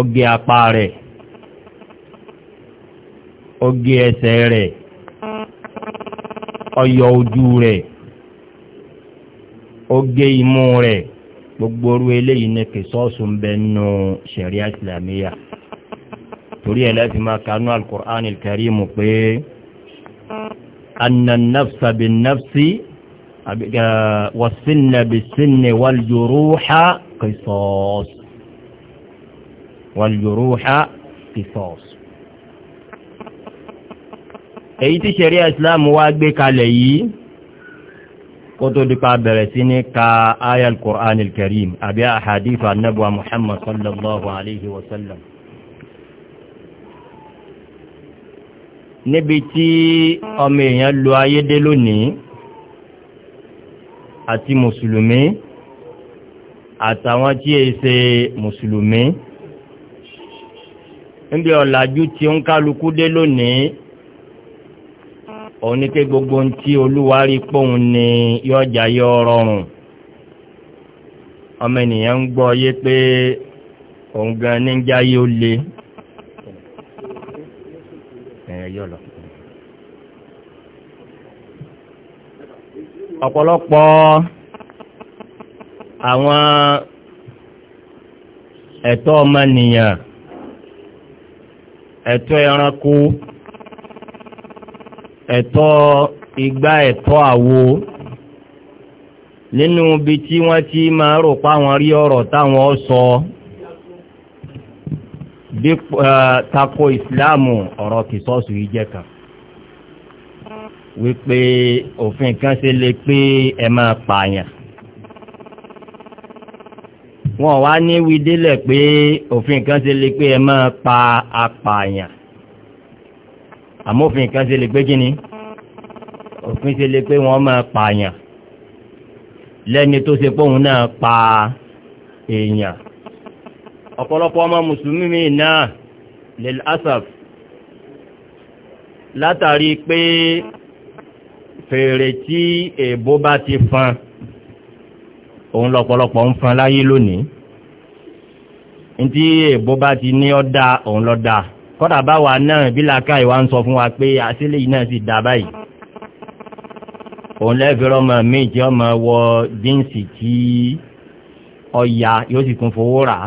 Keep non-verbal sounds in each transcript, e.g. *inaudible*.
ọgẹ apá rẹ̀ ọgẹ ẹsẹ̀ rẹ̀ ọyọ ojú rẹ̀ ọgẹ imú rẹ̀ gbogbo orú eléyìí ní kìsọ́ọ̀sù ń bẹ nínú sẹ̀ríà ìsìlámíyà torí ẹlẹ́fìn máa kanú alukur'an karimu pé annannafsa bin nafsi wasinna bisinni wal juruha qisas wàlúùrúhà kìsọ́ọ̀s. èyí tí ṣẹ̀ríà islam wá gbé kalẹ̀ yìí kó tó dípa bẹ̀rẹ̀ sí ní ka ayal qur'an al-karim àbí àhàdífà nabuwa muhammad sallallahu alaihi wasallam níbi tí ọmọ èèyàn lo ayédé lónìí àti mùsùlùmí àtàwọn tí è ṣe mùsùlùmí níbi ọ̀làjú tí ó ń kálukú dé lónìí òun ní pé gbogbo ohun tí olúwa rí póun ni yọjà yọ rọrùn ọmọ ènìyàn ń gbọ́ yé pé òun gan ní jáyé ó le ọ̀pọ̀lọpọ̀ àwọn ẹ̀tọ́ ọmọnìyàn ẹ̀tọ́ ẹranko ẹ̀tọ́ igbá ẹ̀tọ́ àwo nínú ibi tí wọ́n ti máa rò páwọn rí ọ̀rọ̀ táwọn sọ bí tako ìsìláàmù ọ̀rọ̀ kìsọ́ọ̀sù yìí jẹ́ kan wípé òfin kan ṣe lè pé ẹ máa pààyàn wọn wá ní wídélẹ̀ pé òfin kan ṣe lè pé ẹ máa pa apààyàn àmọ́ òfin kan ṣe lè pé kí ni òfin ṣe lè pé wọ́n máa pààyàn lẹ́ni tó ṣe póun náà pa èèyàn ọ̀pọ̀lọpọ̀ ọmọ mùsùlùmí mi náà lè asaf látàrí pé fèrè tí èèbó bá ti fan. òun lọ́pọ̀lọpọ̀ ń fan láyé lónìí tí èbó bá ti ní ọ da òun lọ da kọ́dà náà bí làákà ìwà ń fún wa pé àṣìlẹ̀ yìí náà sì dá báyìí òun lẹ́fẹ̀ẹ́ ọmọ míì tí ọmọ wọ jíǹsì tí ọya yóò sì kún fowó rà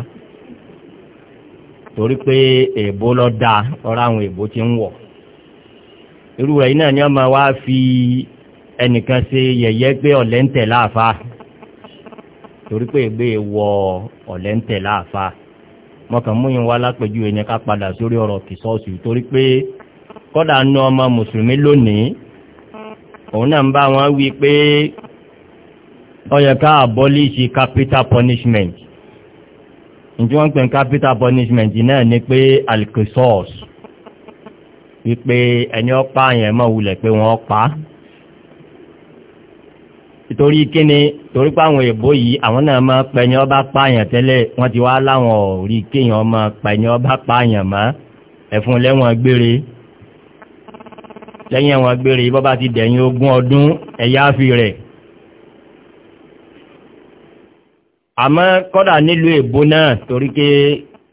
torí pé da àwọn èbó ti ń wọ̀ irú rẹ̀ yìí náà ni fi ẹnìkan ṣe yẹ̀yẹ́ ọ̀lẹ́ ń torí pé ìgbé wọ ọ̀lẹ́ ń tẹ̀ láàfa mọ̀kàn mú yín wá lápẹ̀jú ẹ̀yẹn ká padà sórí ọ̀rọ̀ kìsọ́ọ̀sì torí pé kọ́dà nu ọmọ mùsùlùmí lónìí òun náà ń bá wọn wí pé ó yẹ abolish capital punishment ǹjẹ́ wọ́n ń pè ní capital punishment náà ni pé alkisọ́ọ̀sì wípé ẹni ọ̀pá yẹn mọ̀ wulẹ̀ pé wọ́n pa á torí kíni torí pé àwọn èèbó yìí àwọn náà máa pẹ̀yìn ọba pààyàn tẹ́lẹ̀ wọ́n ti wá láwọn òrí kéèyàn máa pẹ̀yìn ọba pààyàn mọ́ ẹ̀fún lẹ́wọ̀n gbére lẹ́yìn ẹ̀wọ̀n gbére bọ́bá ti dẹ̀yìn ogún ọdún ẹ̀yà fi rẹ̀ àmọ́ kọ́dà nílùú èbó náà torí pé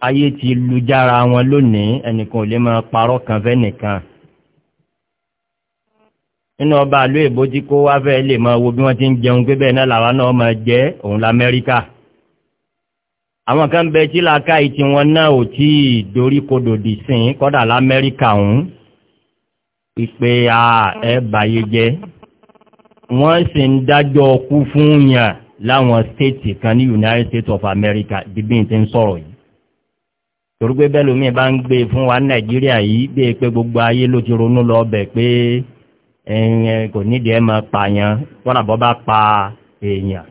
ayé ti lu jára wọn lónìí ẹnìkan ò lè máa parọ́ kan fẹ́ nìkan inú ọba àlú èbójí kó wá fẹ́ lè máa wo bí wọ́n ti ń jẹun pé bẹ́ẹ̀ náà làwa náà máa jẹ́ òun lamẹ́ríkà àwọn kan bẹ tí làákà ìtì wọn náà ò tí ì dorí kodò dì sín kọ́dà lamẹ́ríkà òun ìpè à ẹ bàyè jẹ wọ́n sì ń dájọ́ ọkú fún yàn láwọn stéètì kan ní united states of america bíbí ti ń sọ̀rọ̀ yìí torí pé bẹ́ẹ̀ lómi bá ń gbé fún wa nàìjíríà yìí bí i pé gbogbo ayé ló ti ronú lọ bẹ̀ pé ẹ̀yìn kò nídìí ẹ̀ máa pààyàn wọ́n àbọ̀ bá pa èèyàn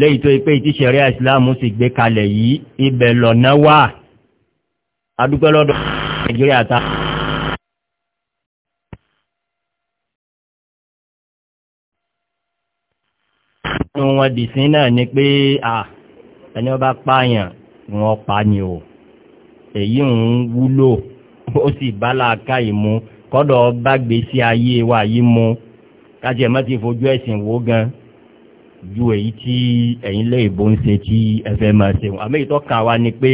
lẹ́yìn tó pé ìtí ṣẹ̀rẹ́ ìsìláàmù sì gbé kalẹ̀ yìí ibẹ̀ lọ̀nà wà adúpẹ́ lọ́dọ̀ nàìjíríà ta nínú wọn dìsí náà ni pé à ẹni ọba pààyàn wọn pa ni o èyí ń wúlò ó sì bá láàká ìmú kọ́dọ̀ bá gbèsè ayé wa yìí mu kájí ẹ̀ má ti fojú ẹ̀sìn wò gan ju èyí tí ẹ̀yin lé ìbò ń ṣe tí ẹ fẹ́ máa ṣe wọn àmì ìtọ́ka wa ni pé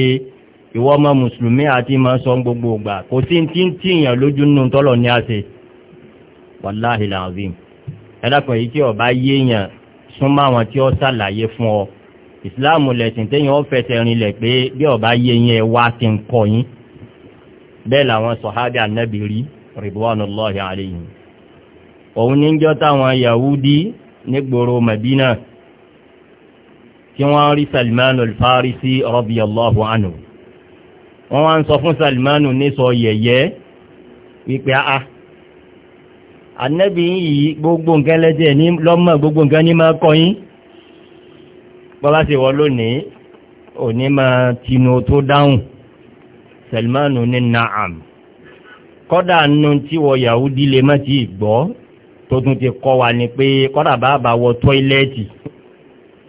ìwọ ọmọ mùsùlùmí àti máa sọ gbogbo ògbà kò sí tí ń tíyàn lójú nù tọ́lọ̀ ní àṣẹ wàláhì làzim ẹ̀dàkùn èyí tí ọba yéèyàn súnmọ́ àwọn tí ó ṣàlàyé fún ọ ìsìláàmù lẹ̀sìn téèyàn ó fẹsẹ̀ rinlẹ̀ pé bí ọba yéèyàn ẹ wá ti ń kọ yín bẹ́ẹ̀ làwọn sọ̀hábì ànábì rí ridwanullahi alayhim òun ní jọ́ táwọn yahudi nígboro madina tí wọ́n rí salmanu alfarisi radiyallahu anhu wọ́n wá ń sọ fún salmanu ní sọ yẹ̀yẹ́ wípé a anẹ́bí yìí gbogbo nǹkan lẹ́jẹ̀ ní lọ́mọ gbogbo nǹkan ní máa kọyín bọ́lá lónìí òní máa tinú tó dáhùn salmanu ní na'am kọ́dà nù tí wọ yahudi lè má ti gbọ́ tó tún ti kọ́ wa ni pé kọ́dà bàbá wọ tọ́ílẹ́ẹ̀tì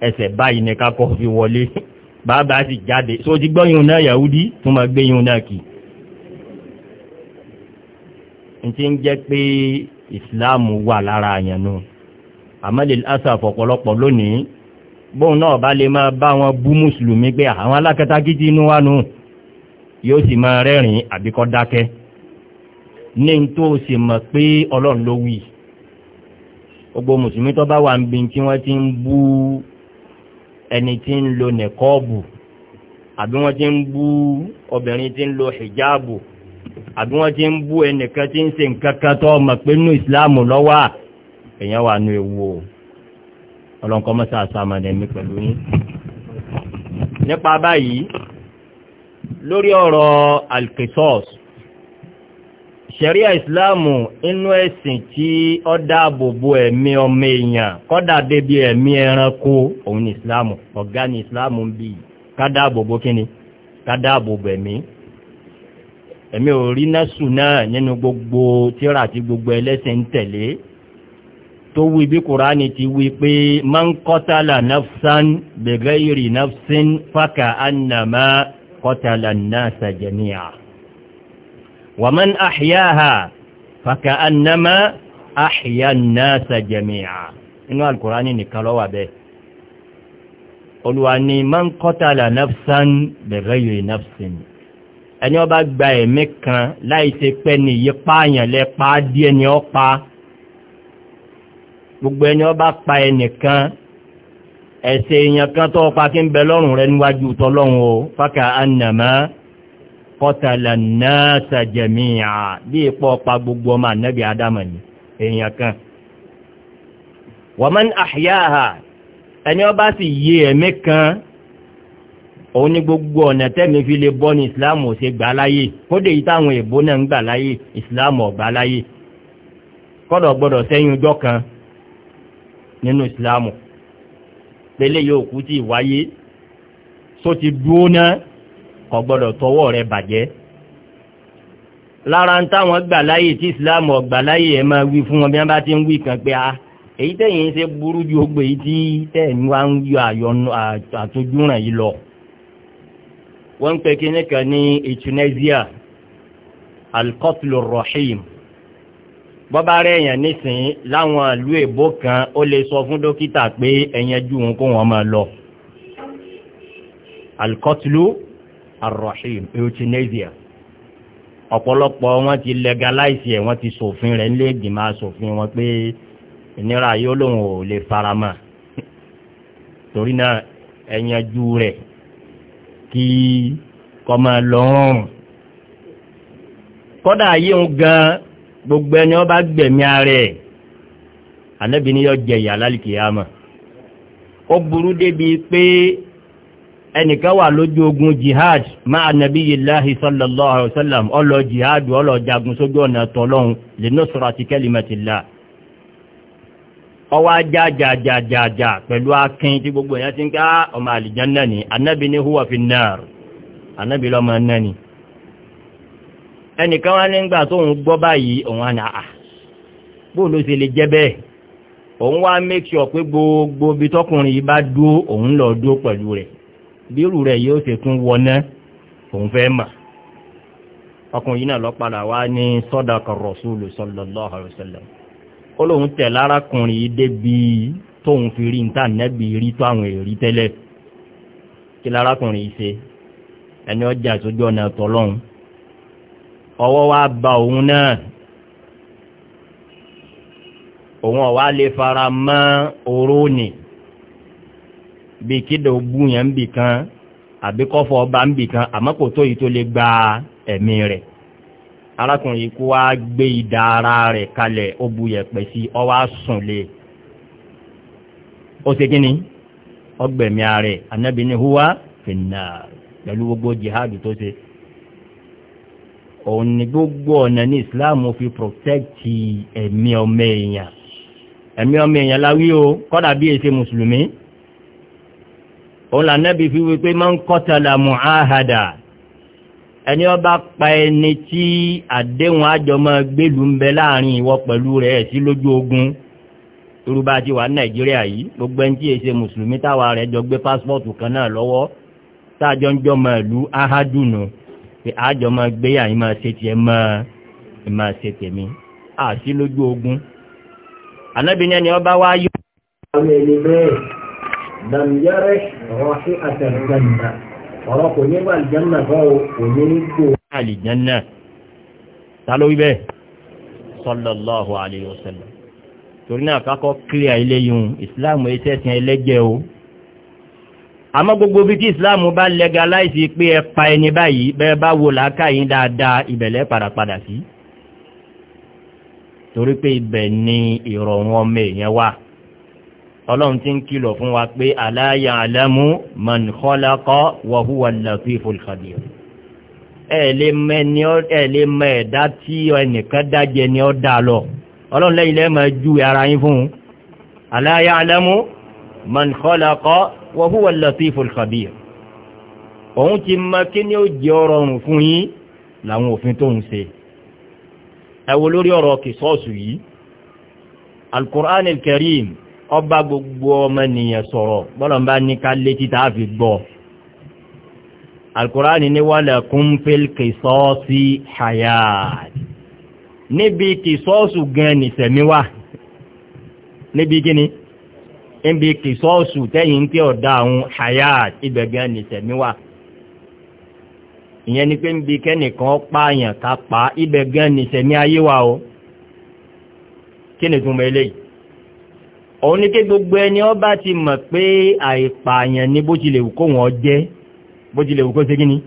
ẹsẹ̀ báyìí ní kakọ́ fi wọlé *laughs* bàbá sì jáde so ti gbọ́ yìí náà yahudi tún máa gbé yìí náà kì n ti ń jẹ́ pé islam wà lára àyàn nù amadil asaf ọ̀pọ̀lọpọ̀ lónìí bóun náà bá lè máa bá wọn bú mùsùlùmí pé àwọn alákatakítí inú wa nù yóò sì máa rẹ́rìn àbíkọ́ dákẹ́ ní tó sì mọ̀ pé ọlọ́run ló wí gbogbo mùsùlùmí tó bá wà ń bi tí wọ́n ti ń bú ẹni tí ń lo nìkọ́ọ̀bù àbí wọ́n ti ń bú obìnrin tí ń lo hijabu àbí wọ́n ti ń bú ẹnìkan tí ń ṣe nǹkan kan tó mọ̀ pé nínú ìsìláàmù lọ́wọ́ èèyàn wà nù ewu ọlọ́nkọ́ mọ́sá àsàmọ̀nà pẹ̀lú yín nípa báyìí lórí ọ̀rọ̀ alkesos ṣẹ̀ríà ìsìláàmù inú ẹ̀sìn tí ó dáàbò bo ẹ̀mí ọmọ èèyàn kọ́dà débi ẹ̀mí ẹranko òun ni ìsìláàmù ọ̀gá ni ìsìláàmù ń bí kádàbò bo kíni kádàbò bo ẹ̀mí ẹ̀mí ò rí násù náà nínú gbogbo tíra àti gbogbo ẹlẹ́sìn ń tẹ̀lé tó wí bí kùránì ti wí pé man qatala nafsan bighayri nafsin faka annama qatala an-nasa jami'a ومن أحياها فكأنما أحيا الناس جميعا إنه القرآن نكالوا به olùwà ni man kọ́tàlà nafsan bẹ̀rẹ̀ nafsin ẹni ọba gba ẹ̀mí kan láìsí pẹ́ ni yí pààyàn lẹ pa díẹ̀ ni ọ pa gbogbo ẹni ọba pa ẹnìkan ẹ̀sẹ̀ èèyàn kan tó pa kí ń bẹ lọ́rùn rẹ níwájú tọ́lọ́run o fákà annama kọ́tàlá náà sàjẹ̀mí à bí ipò ọpa gbogbo ọmọ ànábì ádámà ni èèyàn kan wọ́n àhíyáha ẹni ọba sì yí ẹ̀mí kan òun ní gbogbo ọ̀nà tẹ́mi fi lè bọ́ ní ìsìláàmù ò ṣe gbà láyé kódé yìí táwọn èbó náà ń gbà láyé ìsìláàmù ọ̀gbà láyé kọ́dọ̀ gbọ́dọ̀ sẹ́yìn ọjọ́ kan nínú ìsìláàmù pélé yóò kú tí ìwáyé só ti dúó náà kò gbọ́dọ̀ tọwọ́ rẹ̀ bàjẹ́ lára ń táwọn gbà láyè tí islam ọgbà láyè ẹ máa wí fún wọn bí wọ́n bá ti ń wí kan pé a ah, èyí tẹ̀yìn ṣe burú ju ogbe yìí tí tẹ̀yìn wá ń yọ àyọnu àtúndúnràn yìí lọ wọ́n ń pè kíní kan ní tunisia alkotlu rahim bọ́bá rẹ̀ èèyàn nísìnyí láwọn ìlú èbó kan ó lè sọ fún dókítà pé ẹ̀yẹn ju òun kó wọn máa lọ alkotlu rahim arrahim euthanasia ọ̀pọ̀lọpọ̀ wọ́n ti legalize ẹ̀ wọ́n ti ṣòfin rẹ̀ nílé ìgbìmọ̀ aṣòfin wọn pé ìnira yóò lòun ò lè farama torí náà ẹ̀yanjú rẹ̀ kí kọ́ máa lọ́rùn kọ́dà yìí ń gan gbogbo ẹni ọba gbẹ̀mí ara ẹ̀ ànábì ni yóò jẹ ìyà lálìkìyàmọ̀ ó burú débi pé ẹnìkan wà lójú ogun jihad máa nabiyillahi sallallahu alaihi wasallam ọlọ jihad ọlọ jagun sójú ọ̀nà tọ́lọ́hun li nusrati kalimatillah ọwá jájájájájá pẹ̀lú akín tí gbogbo èyàn ti ń ká ọmọ àlìjánná ni anábi ní huwa fi náà anábi lọ́mọ náà ni ẹnìkan wá nígbà tó ń gbọ́ báyìí òun àná ah, yìí bá bírù rẹ̀ yóò ṣe tún wọná òun fẹ́ mà ọkùnrin yìí náà lọ padà wá ní sadaqa rasulu sallallahu alaihi wasallam ó lóun tẹ̀ lárakùnrin yìí débi tóun fi rí níta nẹ́bi rí tó àwọn èrí tẹ́lẹ̀ kí lárakùnrin yìí ṣe ẹni ọjà sójú ọ̀nà tọ́lọ́hún ọwọ́ wa ba òun náà òun ọ̀wá lè fara mọ́ oró bí kídà ogun yẹn ń bì kan àbí kọ́fọ́ ọba ń bì kan àmọ́ kò tó yìí tó lè gba ẹ̀mí rẹ̀ arákùnrin kó wá gbé ìdá ara rẹ̀ kalẹ̀ ó bu yẹ̀pẹ̀ sí ọ wá sùn lé e. ó ṣe kíni ọgbẹ̀mí ààrẹ anábì ní fìnnà pẹ̀lú gbogbo jihad tó ṣe òun ni gbogbo ọ̀nà ní islam fi protecti ẹ̀mí ọmọ èèyàn ẹ̀mí ọmọ èèyàn láwí o kọ́dà bí èsè mùsùlùmí òun là nẹ́bi fi wípé máa ń kọ́tàlà mu'ahada ẹni ó bá pa ẹni tí àdéhùn àjọmọ́ gbèlú ń bẹ láàrin ìwọ pẹ̀lú rẹ̀ sí lójú ogun yorùbá ti wà ní nàìjíríà yìí gbogbo ẹni tí èsè mùsùlùmí táwa rẹ̀ jọ gbé pásítọ̀tù kan náà lọ́wọ́ táàjọ ń jọmọ ìlú ahadùnù pé àjọmọ́ gbéyà yìí máa ṣe tiẹ̀ máa máa ṣe tèmi àti lójú ogun anábìnrin ẹni ó bá wá yọ. لم يرح رائحة الجنة ọ̀rọ̀ kò ní bá aljanna bá o kò ní kò aljanna ta ló wí bẹ́ẹ̀ sallallahu alayhi wa sallam torí náà kákọ́ clear ilé yìí islam ẹsẹ̀ sin ẹlẹ́jẹ̀ o àmọ́ gbogbo bí tí islam bá legalize pé ẹ pa ẹni báyìí bẹ́ẹ̀ bá wo làákà yín dáadáa ìbẹ̀lẹ̀ padàpadà sí torí pé ibẹ̀ ni ìrọ̀rùn ọmọ èèyàn wà ọlọ́run ti ń kìlọ̀ fún wa pé aláyà alámú mọ̀nkọ́lákọ́ wọ̀húwà lọ́fíì fòlùkàdì ẹ̀ lè mọ ẹ̀dá tí ẹnìkan dájẹ ni ó dá lọ ọlọ́run lẹ́yìn lẹ́mọ̀ ju ara yín fún un aláyà alámú mọ̀nkọ́lákọ́ wọ̀húwà lọ́fíì fòlùkàdì òun ti mọ kí ni ó jẹ́ ọrọ̀rùn fún yín làwọn òfin tó ń ṣe ẹ lórí ọ̀rọ̀ kìsọ́ọ̀sù yìí alukur'an el ọba gbogbo ọmọ nìyẹn sọ̀rọ̀ bọ́lọ̀ bá ní ká létí tá a fi gbọ́ alkùránì ní wàlẹ̀ kúnfẹ́l kìsọ́ọ̀sì hayat níbi kìsọ́ọ̀sù gan nìsẹ̀mí wà níbi kíni níbi kìsọ́ọ̀sù tẹ́yìn tí ọ̀dá àwọn hayat ibẹ̀ gan nìsẹ̀mí wà ìyẹn ni pé níbi kẹ́nìkan pààyàn ká pa ibẹ̀ gan nìsẹ̀mí ayé wa o kí ni túnmọ̀ eléyìí òun ní pé gbogbo ẹni ọ bá ti mọ̀ pé àìpààyàn ní bó ti lè wù kó wọ́n jẹ́ bó ti lè wù kó ṣe kíní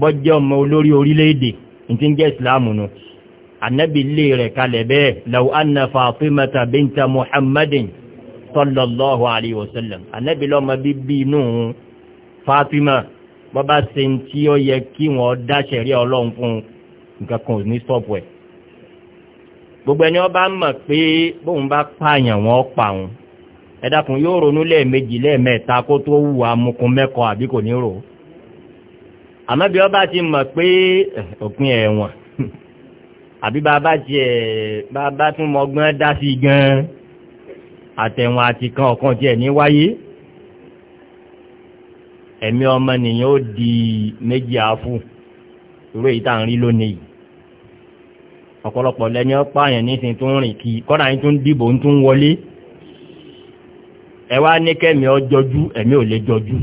bọ́ jẹ́ ọmọ olórí orílẹ̀-èdè tí ń jẹ́ ìsìláàmù nù ànábì lè rẹ̀ kalẹ̀ bẹ́ẹ̀ law anna Fatimata binta Muhammadin sallallahu alayhi wa ànábì lọ́mọ bíbí inú Fatima bọ́ bá ó yẹ kí wọ́n dá ọlọ́run fún nǹkan kan ò ní sọ́pù ẹ̀ gbogbo ẹni ọba mọ̀ pé bóun bá pààyàn wọn pa òun ẹ̀dàkùn yóò ronú lẹ́ẹ̀mejì lẹ́ẹ̀mẹ́ta kó tó wù amukun mẹ́kọ àbí kò ní rò àmọ́ bí ọba ti mọ̀ pé eh, òpin ẹ̀wọ̀n *laughs* àbí bàbá tiẹ̀ bàbá tún mọgbọ́n dá sí gan àtẹ̀wọ̀n àti kan ọ̀kan tiẹ̀ ní wáyé ẹ̀mí ọmọ nìyẹn ó di méjì àáfù ìró ìta ń rí lónìí ọ̀pọ̀lọpọ̀ lẹ́ni ọ̀pá àyàn nísìn tó ń rìn kí kọ́nà yín tó ń dìbò ń wọlé ẹ ní kẹ́mi ọ ẹ̀mí ò lè jọjú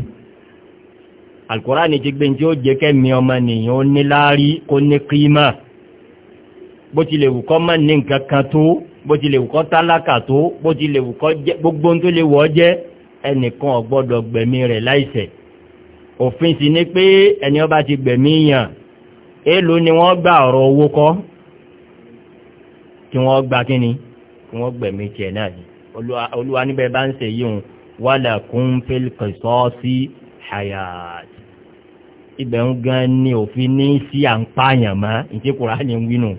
alukóra ni ti gbé tí ó jẹ kẹ́mi ọmọ nìyàn ó ní láárí kó ní kírímà bó ti lè wù kọ́ mọ́ ní nǹkan kan tó bó ti lè wù kọ́ tálákà tó bó ti lè wù kọ́ jẹ́ gbogbo tó lè wọ́ jẹ́ ẹnìkan ò gbọ́dọ̀ gbẹ̀mí rẹ̀ láìṣẹ̀ òfin sì ni pé ẹni ọba ti gbẹ̀mí yàn èèlò ni wọ́n gbà ọ̀rọ̀ owó kọ́ kí wọ́n gba kí ni kí wọ́n gbẹ̀mí tiẹ̀ náà ni olúwa níbẹ̀ bá ń ṣe yíhun wàlà kún fil qisasi hayat ibẹ̀ ń gan ni òfin ní sí à ń pààyàn mọ́ ìdí Kùránì ń wínú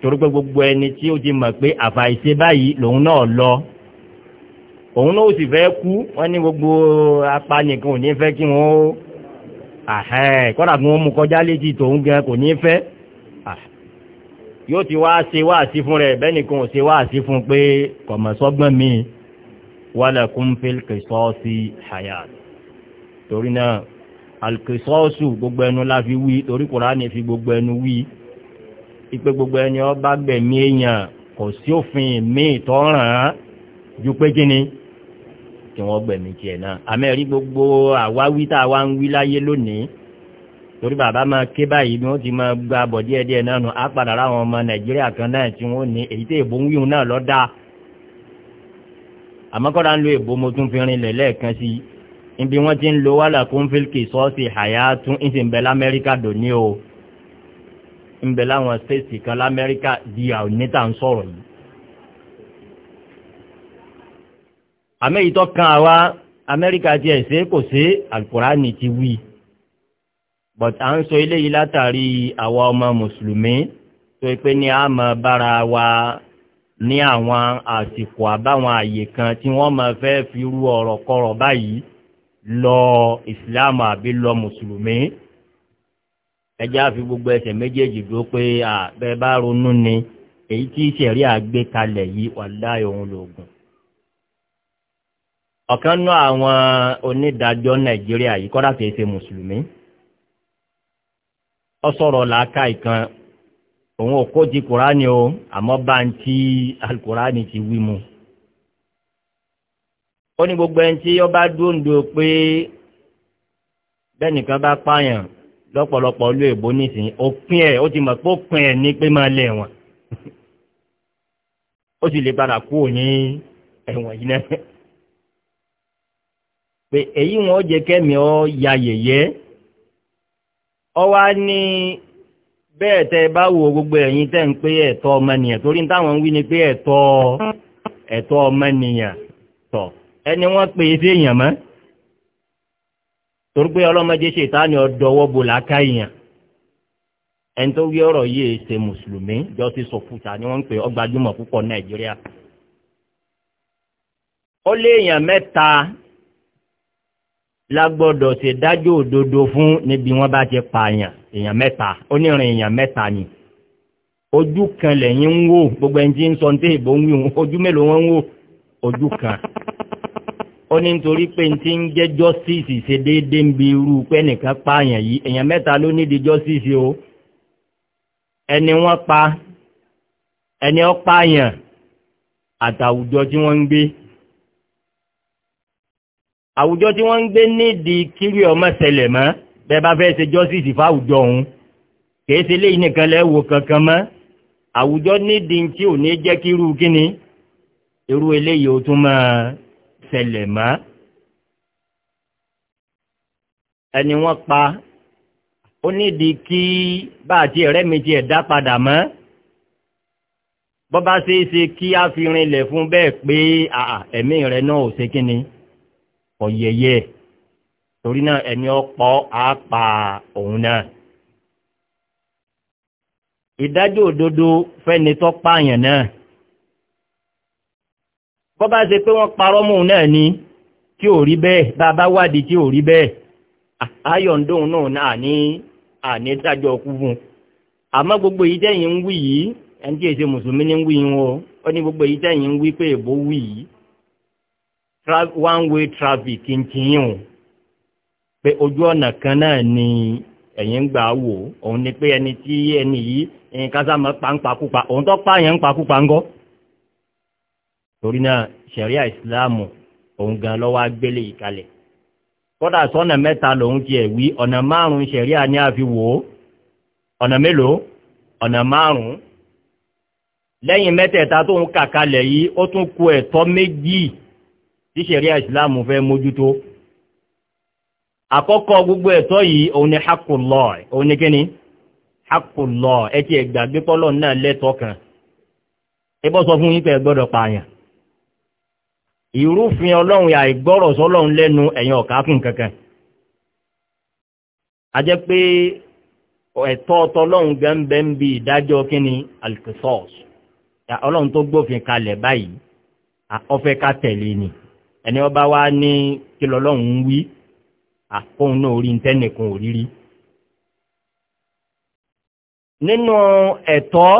torí pé gbogbo ẹni tí ó ti mọ̀ pé àfàìṣe báyìí lòun náà lọ òun náà ó sì fẹ́ kú wọ́n ní gbogbo apánìkan ò ní fẹ́ kí wọ́n ó kọ́nà kí wọ́n mú kọjá létí tòun gan kò ní fẹ́ yóò ti wá ṣe wá sí fún rẹ̀ bẹ́ẹ̀ nìkan ò wá sí fún pé kọ̀mọ̀sọ́gbọ́n mi walakum fil qisasi hayat torí náà alkisọ́ọ̀sù gbogbo ẹnu la fi wí torí Kùránì fi gbogbo ẹnu wí ipe gbogbo ẹni ó bá gbẹ̀mí èèyàn kò sí òfin míì tó án ju pé kí ni kí wọ́n gbẹ̀mí tiẹ̀ náà àmẹ́rí gbogbo àwáwí tá a wá ń wí láyé lónìí torí bàbá máa ké báyìí ni wọ́n ti máa gba bọ̀ díẹ̀ díẹ̀ náà nù á padà láwọn ọmọ nàìjíríà kan náà tí wọ́n ní èyí tí èbó ń wíhun náà lọ dáa àmọ́ kọ́ra ń lo èbó mo tún fi rinlẹ̀ lẹ́ẹ̀kan sí i ibi wọ́n ti ń lo wàhálà kúnfílkì sọ́ọ̀sì àyà tún ń sì ń bẹ lamẹ́ríkà dòní o ń bẹ láwọn stéètì kan lamẹ́ríkà di àwòníta ń sọ̀rọ̀ yìí. àmẹ́yìí kan àwa amẹ́ríkà ti wí but à ń sọ eléyìí látàrí àwa ọmọ mùsùlùmí tó pé ní a máa bára wa ní àwọn àsìkò àbáwọn àyè kan tí wọ́n máa fẹ́ fi rú ọ̀rọ̀ kọ̀rọ̀ báyìí lọ ìsìláàmù àbí lọ mùsùlùmí ẹjẹ́ àfi gbogbo ẹsẹ̀ méjèèjì dúró pé àbẹ́ bá ronú ni èyí tí ìṣẹ̀rí àgbékalẹ̀ yìí wà láàyè òun lòògùn ọ̀kan náà àwọn onídàájọ́ nàìjíríà yìí kọ́dà kìí ṣe mùsùlùmí ọsọ̀rọ̀ làákà ìkan òun ò kó ti kùránì o àmọ́ bá ń tí alukùránì ti wí mu. ó ní gbogbo ẹni tí ọba dúndò pé bẹ́nìkan bá pààyàn lọ́pọ̀lọpọ̀ olú èbó nísìnyí òpin ẹ̀ ó ti mọ̀ pé òpin ẹ̀ ní pé máa lẹ̀ wọ̀n ó sì lè padà kú òní ẹ̀wọ̀n yìí náà pé èyí wọn ó jẹ kẹ́mi ọ ya yẹ̀yẹ́. ọwá ní bẹ́ẹ̀ tẹ́ bá wo gbogbo ẹ̀yin tẹ́ ń pé ẹ̀tọ́ ọmọnìyàn torí táwọn ń wí ni pé ẹ̀tọ́ ẹ̀tọ́ ọmọnìyàn tọ̀ ẹni wọ́n pè é sí èèyàn mọ́ torí pé ọlọ́mọdé ṣètánì ọdọwọ́ bò láká èèyàn ẹni tó wí ọ̀rọ̀ yìí e ṣe mùsùlùmí jọ́sí sọ̀fùtà ni wọ́n ń pè ọgbàdúmọ̀ púpọ̀ nàìjíríà ó léèyàn mẹ́ta lágbọ́dọ̀ ṣe dájọ́ òdodo fún níbi wọ́n bá ti pààyàn èèyàn mẹ́ta onírin èèyàn mẹ́ta ni ojú kan lẹ́yìn ń wò gbogbo ẹni tí ń sọ tí ìbò ń wí ojú mélòó wọn ń wò ojú kan ó ní nítorí pé ti ń jẹ́ justice ṣe déédéé ń bi irú pé nìkan pààyàn yìí èèyàn mẹ́ta ló nídìí justice o ẹni wọ́n pa ẹni ó pààyàn àtàwùjọ tí wọ́n ń gbé àwùjọ tí wọ́n ń gbé nídìí kírí ọmọ ṣẹlẹ̀ mọ́ bẹ́ẹ̀ bá fẹ́ ṣe justice fáwùjọ òun kìí ṣe léyìn nìkan lẹ́wọ̀ kankan mọ́ àwùjọ nídìí tí ò ní jẹ́ kírú kíni irú eléyìí ó tún máa ṣẹlẹ̀ mọ́ ẹni wọ́n pa ó nídìí kí bá àti ẹ̀rẹ́ mi ti ẹ̀dá padà mọ́ bọ́ bá ṣeé ṣe kí á fi rinlẹ̀ fún bẹ́ẹ̀ pé ẹ̀mí rẹ̀ náà ò ṣe kíni. ọ̀yẹyẹ torí náà ẹni ọ̀pọ̀ á pa òun náà. ìdájọ́ òdodo fẹ́ni tó pààyàn náà bọ́ bá ṣe pé wọn parọ́ náà ni kí ò rí bẹ́ẹ̀ bá wádìí kí ò rí bẹ́ẹ̀ ayọ̀ǹdóhun náà náà ní àní ọkú gbogbo yìí ń wí yìí ẹni tí mùsùlùmí ní ń wí yìí wọn ó ní gbogbo yìí ń one way traffic ń tiyín o pé ojú ọ̀nà kan náà ni ẹ̀yin ń gbà wò òun ni pé ẹni tí ẹni yìí ẹ̀yin kásá mọ́ pàǹpàkúpa òun tó pààyàn ń pàkúpa ńgọ́ torí náà sẹ̀ríà ìsìláàmù òun gan lọ́wọ́ agbélé ìkalẹ̀ kódà sọ́nà mẹ́ta lòun ti ẹ̀ wí ọ̀nà márùn-ún sẹ̀ríà ní àfi wò ó ọ̀nà mélòó ọ̀nà márùn-ún lẹ́yìn mẹ́tẹ̀ẹ̀ta tóun kàkalẹ̀ yìí ó tún ku ẹ̀tọ́ méjì tí ṣẹ̀ríà ìsìláàmù fẹ́ mójútó àkọ́kọ́ gbogbo ẹ̀tọ́ yìí òun ni hakulọ̀ òun ni kíni hakulọ̀ ẹ ti ẹ̀gbàgbé pọ́lọ̀ náà lẹ́tọ̀ọ́ kan ẹbọ́ sọ fún yín pé ẹ gbọ́dọ̀ pààyàn ìrúfin ọlọ́run àìgbọ́rọ̀ sọlọ́run lẹ́nu ẹ̀yìn ọ̀ká fún kankan a jẹ́ pé ẹ̀tọ́ ọtọlọ́run gẹ́ǹbẹ́ ń bi ìdájọ́ kíni alkisọ́ọ̀sì ọlọ́run tó gbófin kalẹ̀ báyìí ọfẹ́ ká tẹ̀lé ni ẹni ọba wa ní kí lọ́lọ́run ń wí àkóhun náà orí ntẹ́nìkan òrírí. nínú ẹ̀tọ́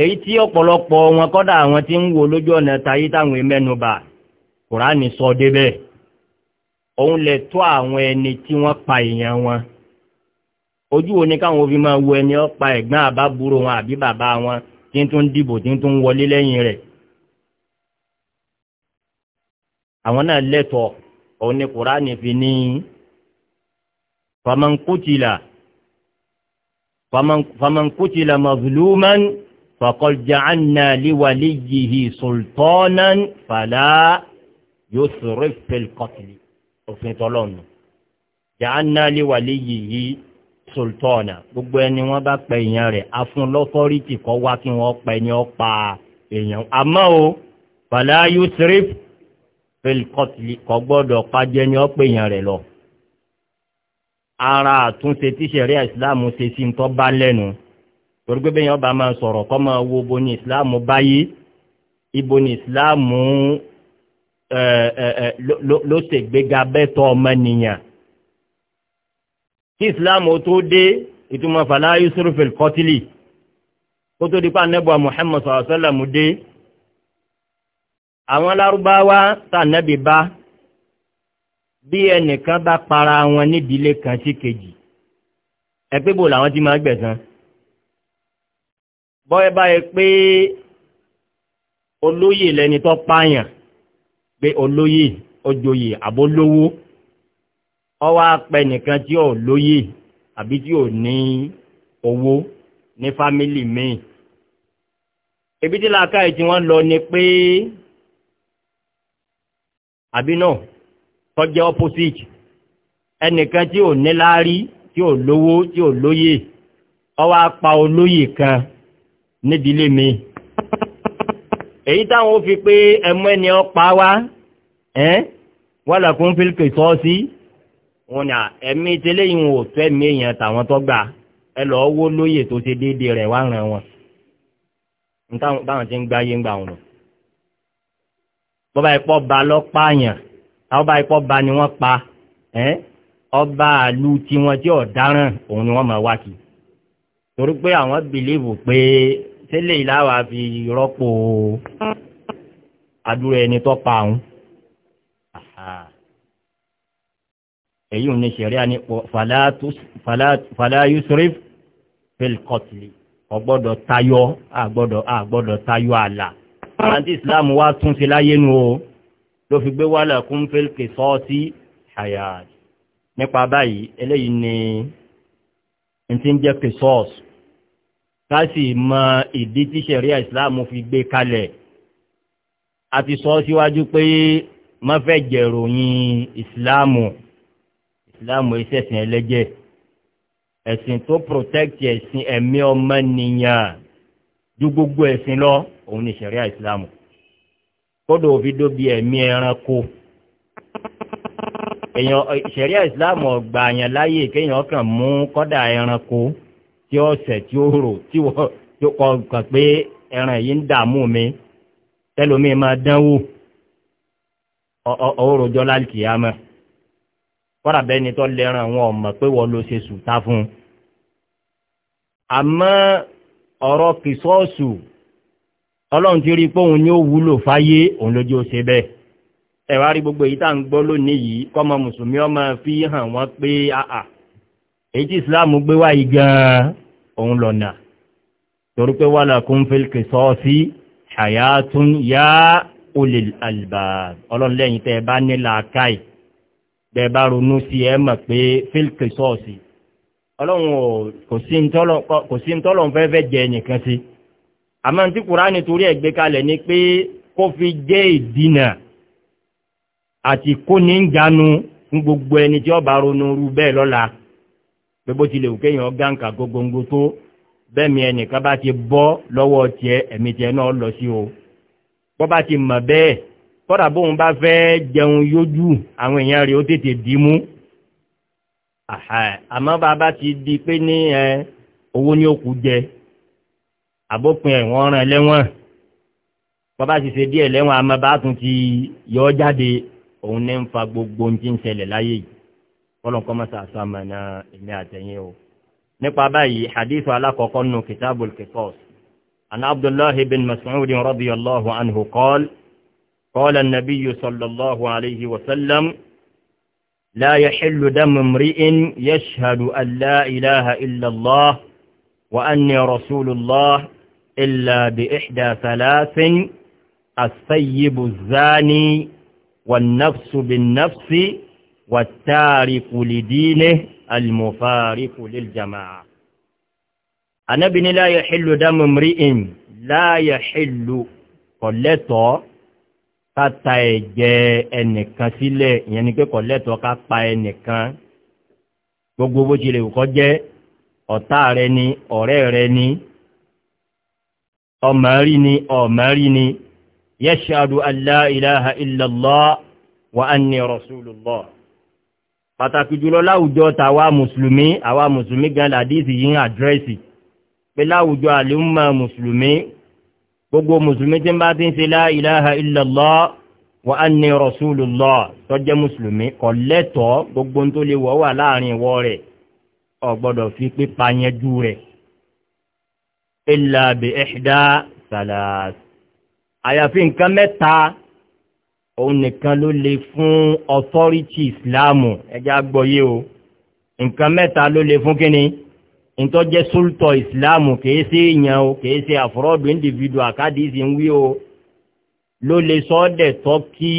èyí tí ọ̀pọ̀lọpọ̀ wọn kọ́dà àwọn tí ń wo lójú ọ̀nà tayé táwọn mẹ́nubà kùránì sọ débẹ̀ òun lè tó àwọn ẹni tí wọ́n pa èèyàn wọn ojú wo ni káwọn òfin máa wo ẹni ọ̀pa ẹ̀gbọ́n àbábúrò wọn àbí bàbá wọn tí ń tún dìbò tí ń tún wọlé lẹ́yìn rẹ̀ àwọn náà lẹ́tọ̀ọ́ òun ni kùránì fi ní famankutila famankutila mazluman fakọjá anna liwali yihi sultanan fàlà yóò sọ̀rọ̀ fẹ́lkọ́tìlì òfin tọ́lọ́nù jàánà liwali yihi sultana gbogbo ẹni wọ́n bá pẹ èèyàn rẹ̀ afún lọ́fọ́rìtì wá kí wọ́n pẹ ni ó pa èèyàn àmọ́ o yóò sọ̀rọ̀ fẹ́lkọ́tìlì fẹ́lìkọ́tìlì kọ́ gbọ́dọ̀ pàjẹ́ ni ọ́ pè yàn rẹ̀ lọ. ara àtúnṣe tí sẹ̀rí ìsìláàmù ṣe sí ń tọ́ bá lẹ́nu torí pé bẹ́yàn ọba máa sọ̀rọ̀ kọ́ máa wo bo ni ìsìláàmù báyé ibo ni ìsìláàmù ló ṣègbéga bẹ́tọ̀ ọmọnìyàn. kí ìsìláàmù tó dé ìtumọ̀ fàlàyé sọ́rọ̀ fẹ́lìkọ́tìlì kó tó di pa anábọ̀ Muhammad sọ̀rọ̀ dé àwọn lárúbáwá tànẹ́bì bá bí ẹnìkan bá para wọn nídìílé kan sí kejì ẹ pé bò làwọn ti máa gbẹ̀san bọ́ẹ̀ báyìí pé olóyè lẹni tó pààyàn pé olóyè ojoyè àbólówó ọwọ́ apẹ nìkan tí ò lóyè àbí tí ò ní owó ní fámílì míì ebi tí làákàyè tí wọ́n lọ ni pé àbí náà tọ́jẹ́ opposite ẹnìkan tí ò níláárí tí ò lówó tí ò lóyè ọwọ́ apá olóyè kan nídìílé mi èyí táwọn ó fi pé ẹmú ẹni ọpa wá wọ́n lọ́kùn fílkì sọ́ọ́sì wọn ni ẹ̀mí tẹ́lẹ̀ yìí wọn ò tó ẹ̀mí èèyàn tàwọn tó gbà ẹ lọ́ọ́ wó lóyè tó ṣe déédéé rẹ̀ wá ràn wọn. nítawọn báwọn ti ń gbáyé ń gbà wọn bọ́bá ipọ́ ba lọ́pá àyàn àwọn ipọ́ ba ni wọ́n pa ọba àlú tí wọ́n tí ọ̀daràn òun ni wọ́n máa wá kí torí pé àwọn bìlíìfù pé tẹ́lẹ̀ ìláwà fi rọ́pò àdúrà ẹni tó pa òun èyí ò ní ṣẹ̀rí ànípò fàlàyúsrif fẹ́lkọ́tìlì ọgbọ́dọ̀ tayọ àgbọ́dọ̀ tayọ àlà àti islam wá tún sí láyé nu o ló fi gbé wálà kún fèlkè sọ́ọ́sì hayat nípa báyìí eléyìí ni ti ń jẹ́ kìsọ́ọ̀sì ká sì mọ ìdí tí sẹ̀ríà ìsìláàmù fi gbé kalẹ̀ a sọ síwájú pé má fẹ́ jẹ̀ròyìn ìsìláàmù ìsìláàmù ìṣẹ̀sìn ẹlẹ́jẹ̀ ẹ̀sìn tó protect ẹ̀sìn ẹ̀mí ọmọnìyàn ju gbogbo ẹ̀sìn lọ òun ni sẹ̀ríà ìsìlámù kódò òfin dóbi ẹ̀mí ẹranko èèyàn sẹ̀ríà ìsìlámù ọgbà àyàn láyè kéèyàn kàn mú kọ́dà ẹranko tí ó sẹ̀ tí ó rò tí wọ́n tí ó kàn pé ẹran yìí ń dààmú mi tẹ́lómi máa dánwò ọ̀ọ́rọ̀jọ́ lálìkìyàmọ́ kọ́dà bẹ́ẹ̀ ni tó lẹ́ran wọn ọ̀mọ̀ pé wọ́n ló ṣe sùtá fún un àmọ́ ọ̀rọ̀ kìsọ́ọ̀sù ọlọ́run ti rí i pé òun ni ó wúlò fáyé òun lójú ó ṣe bẹ́ẹ̀ ẹ̀wá rí gbogbo èyí tá à ń gbọ́ lónìí yìí kọ́mọ mùsùlùmí ọmọ fi hàn wọ́n pé àà èyí tí islam gbé wáyé gan-an òun lọ́nà torí pé wàhálà kún fílkì sọ́ọ̀sì àyàtún yá olè àlùbà ọlọ́run lẹ́yìn tẹ́ ẹ bá ní làákàì tẹ́ ẹ bá ronú sí ẹ mọ̀ pé fílkì sọ́ọ̀sì ọlọ́run kò sí ń tọ́lọ̀ fẹ́ fẹ́ jẹ ẹnìkan sí àmọ́ tí kùránì torí ẹ̀ gbé kalẹ̀ ni pé kó fi jẹ́ ìdínà àti kó ní ń jánu fún gbogbo ẹni tí ó bá ronú rú bẹ́ẹ̀ lọ́la pé bó ti lè wù kéèyàn gáǹkà gbogbo tó bẹ́ẹ̀mi ẹnìkan bá ti bọ́ lọ́wọ́ tiẹ̀ ẹ̀mí tiẹ̀ náà lọ sí o bọ́ bá ti mọ̀ bẹ́ẹ̀ kọ́dà bóun bá fẹ́ jẹun yójú àwọn èèyàn rẹ̀ ó tètè dì mú àmọ́ bá bá ti di pé ní ẹ owó ní òkú jẹ àbópin ẹ̀wọ̀n ràn lẹ́wọ̀n bàbá sì ṣe díẹ̀ lẹ́wọ̀n àmọ́ bá tún ti yọ ọ́ jáde òun ní ń fa gbogbo ohun tí ń ṣẹlẹ̀ láyé yìí kọ́lọ́n kọ́ mọ́sá àsọ̀mọ̀ náà èmi àtẹ̀yìn o. nípa báyìí hadith alákọ̀ọ́kọ́ nù kitabul kikos an abdullahi bin mas'ud radiyallahu anhu qol قال النبي صلى الله عليه وسلم لا يحل دم امرئ يشهد أن لا إله إلا الله وأني رسول الله إلا بإحدى ثلاث الثيب الزاني والنفس بالنفس والتارك لدينه المفارق للجماعة أنا بن لا يحل دم امرئ لا يحل قلته ká ta ẹ̀jẹ̀ ẹnìkan sílẹ̀ ìyẹn ni pé kò lẹ́tọ̀ọ́ ká pa ẹnìkan gbogbo bó ti lè kọ́ jẹ́ rẹ ni ọ̀rẹ́ rẹ ni ọmọrí ni ọmọrí ni yẹ́ṣàdù aláìláha ìlàlá wa anni rasulullah pàtàkì jùlọ láwùjọ tàwa mùsùlùmí àwa mùsùlùmí gan làdíìsì yìí ń àdírẹ́sì pé láwùjọ àlùmọ̀ mùsùlùmí gbogbo mùsùlùmí tí ń bá ti ń ṣe láìláha ìlàlá wa anni rasulullah tọ́jẹ́ mùsùlùmí kò lẹ́tọ̀ọ́ gbogbo tó lè wọ́ wà láàrin ìwọ rẹ̀ ó fi pípa yẹn jú rẹ̀ ìlà bí ẹ̀ṣdá sàlàs àyàfi nǹkan mẹ́ta òun nìkan ló lè fún ọ̀tọ́rítì ìsìláàmù ẹjá gbọ́yé o nǹkan mẹ́ta ló lè fún kíni ìtọ́jẹ́ sóltọ̀ ìsìláàmù kìí sí èèyàn o kìí sí àfọ́rọ́dù individual kádìsí ń wí o ló lè sọ́ọ́dẹ̀ tọ́ kí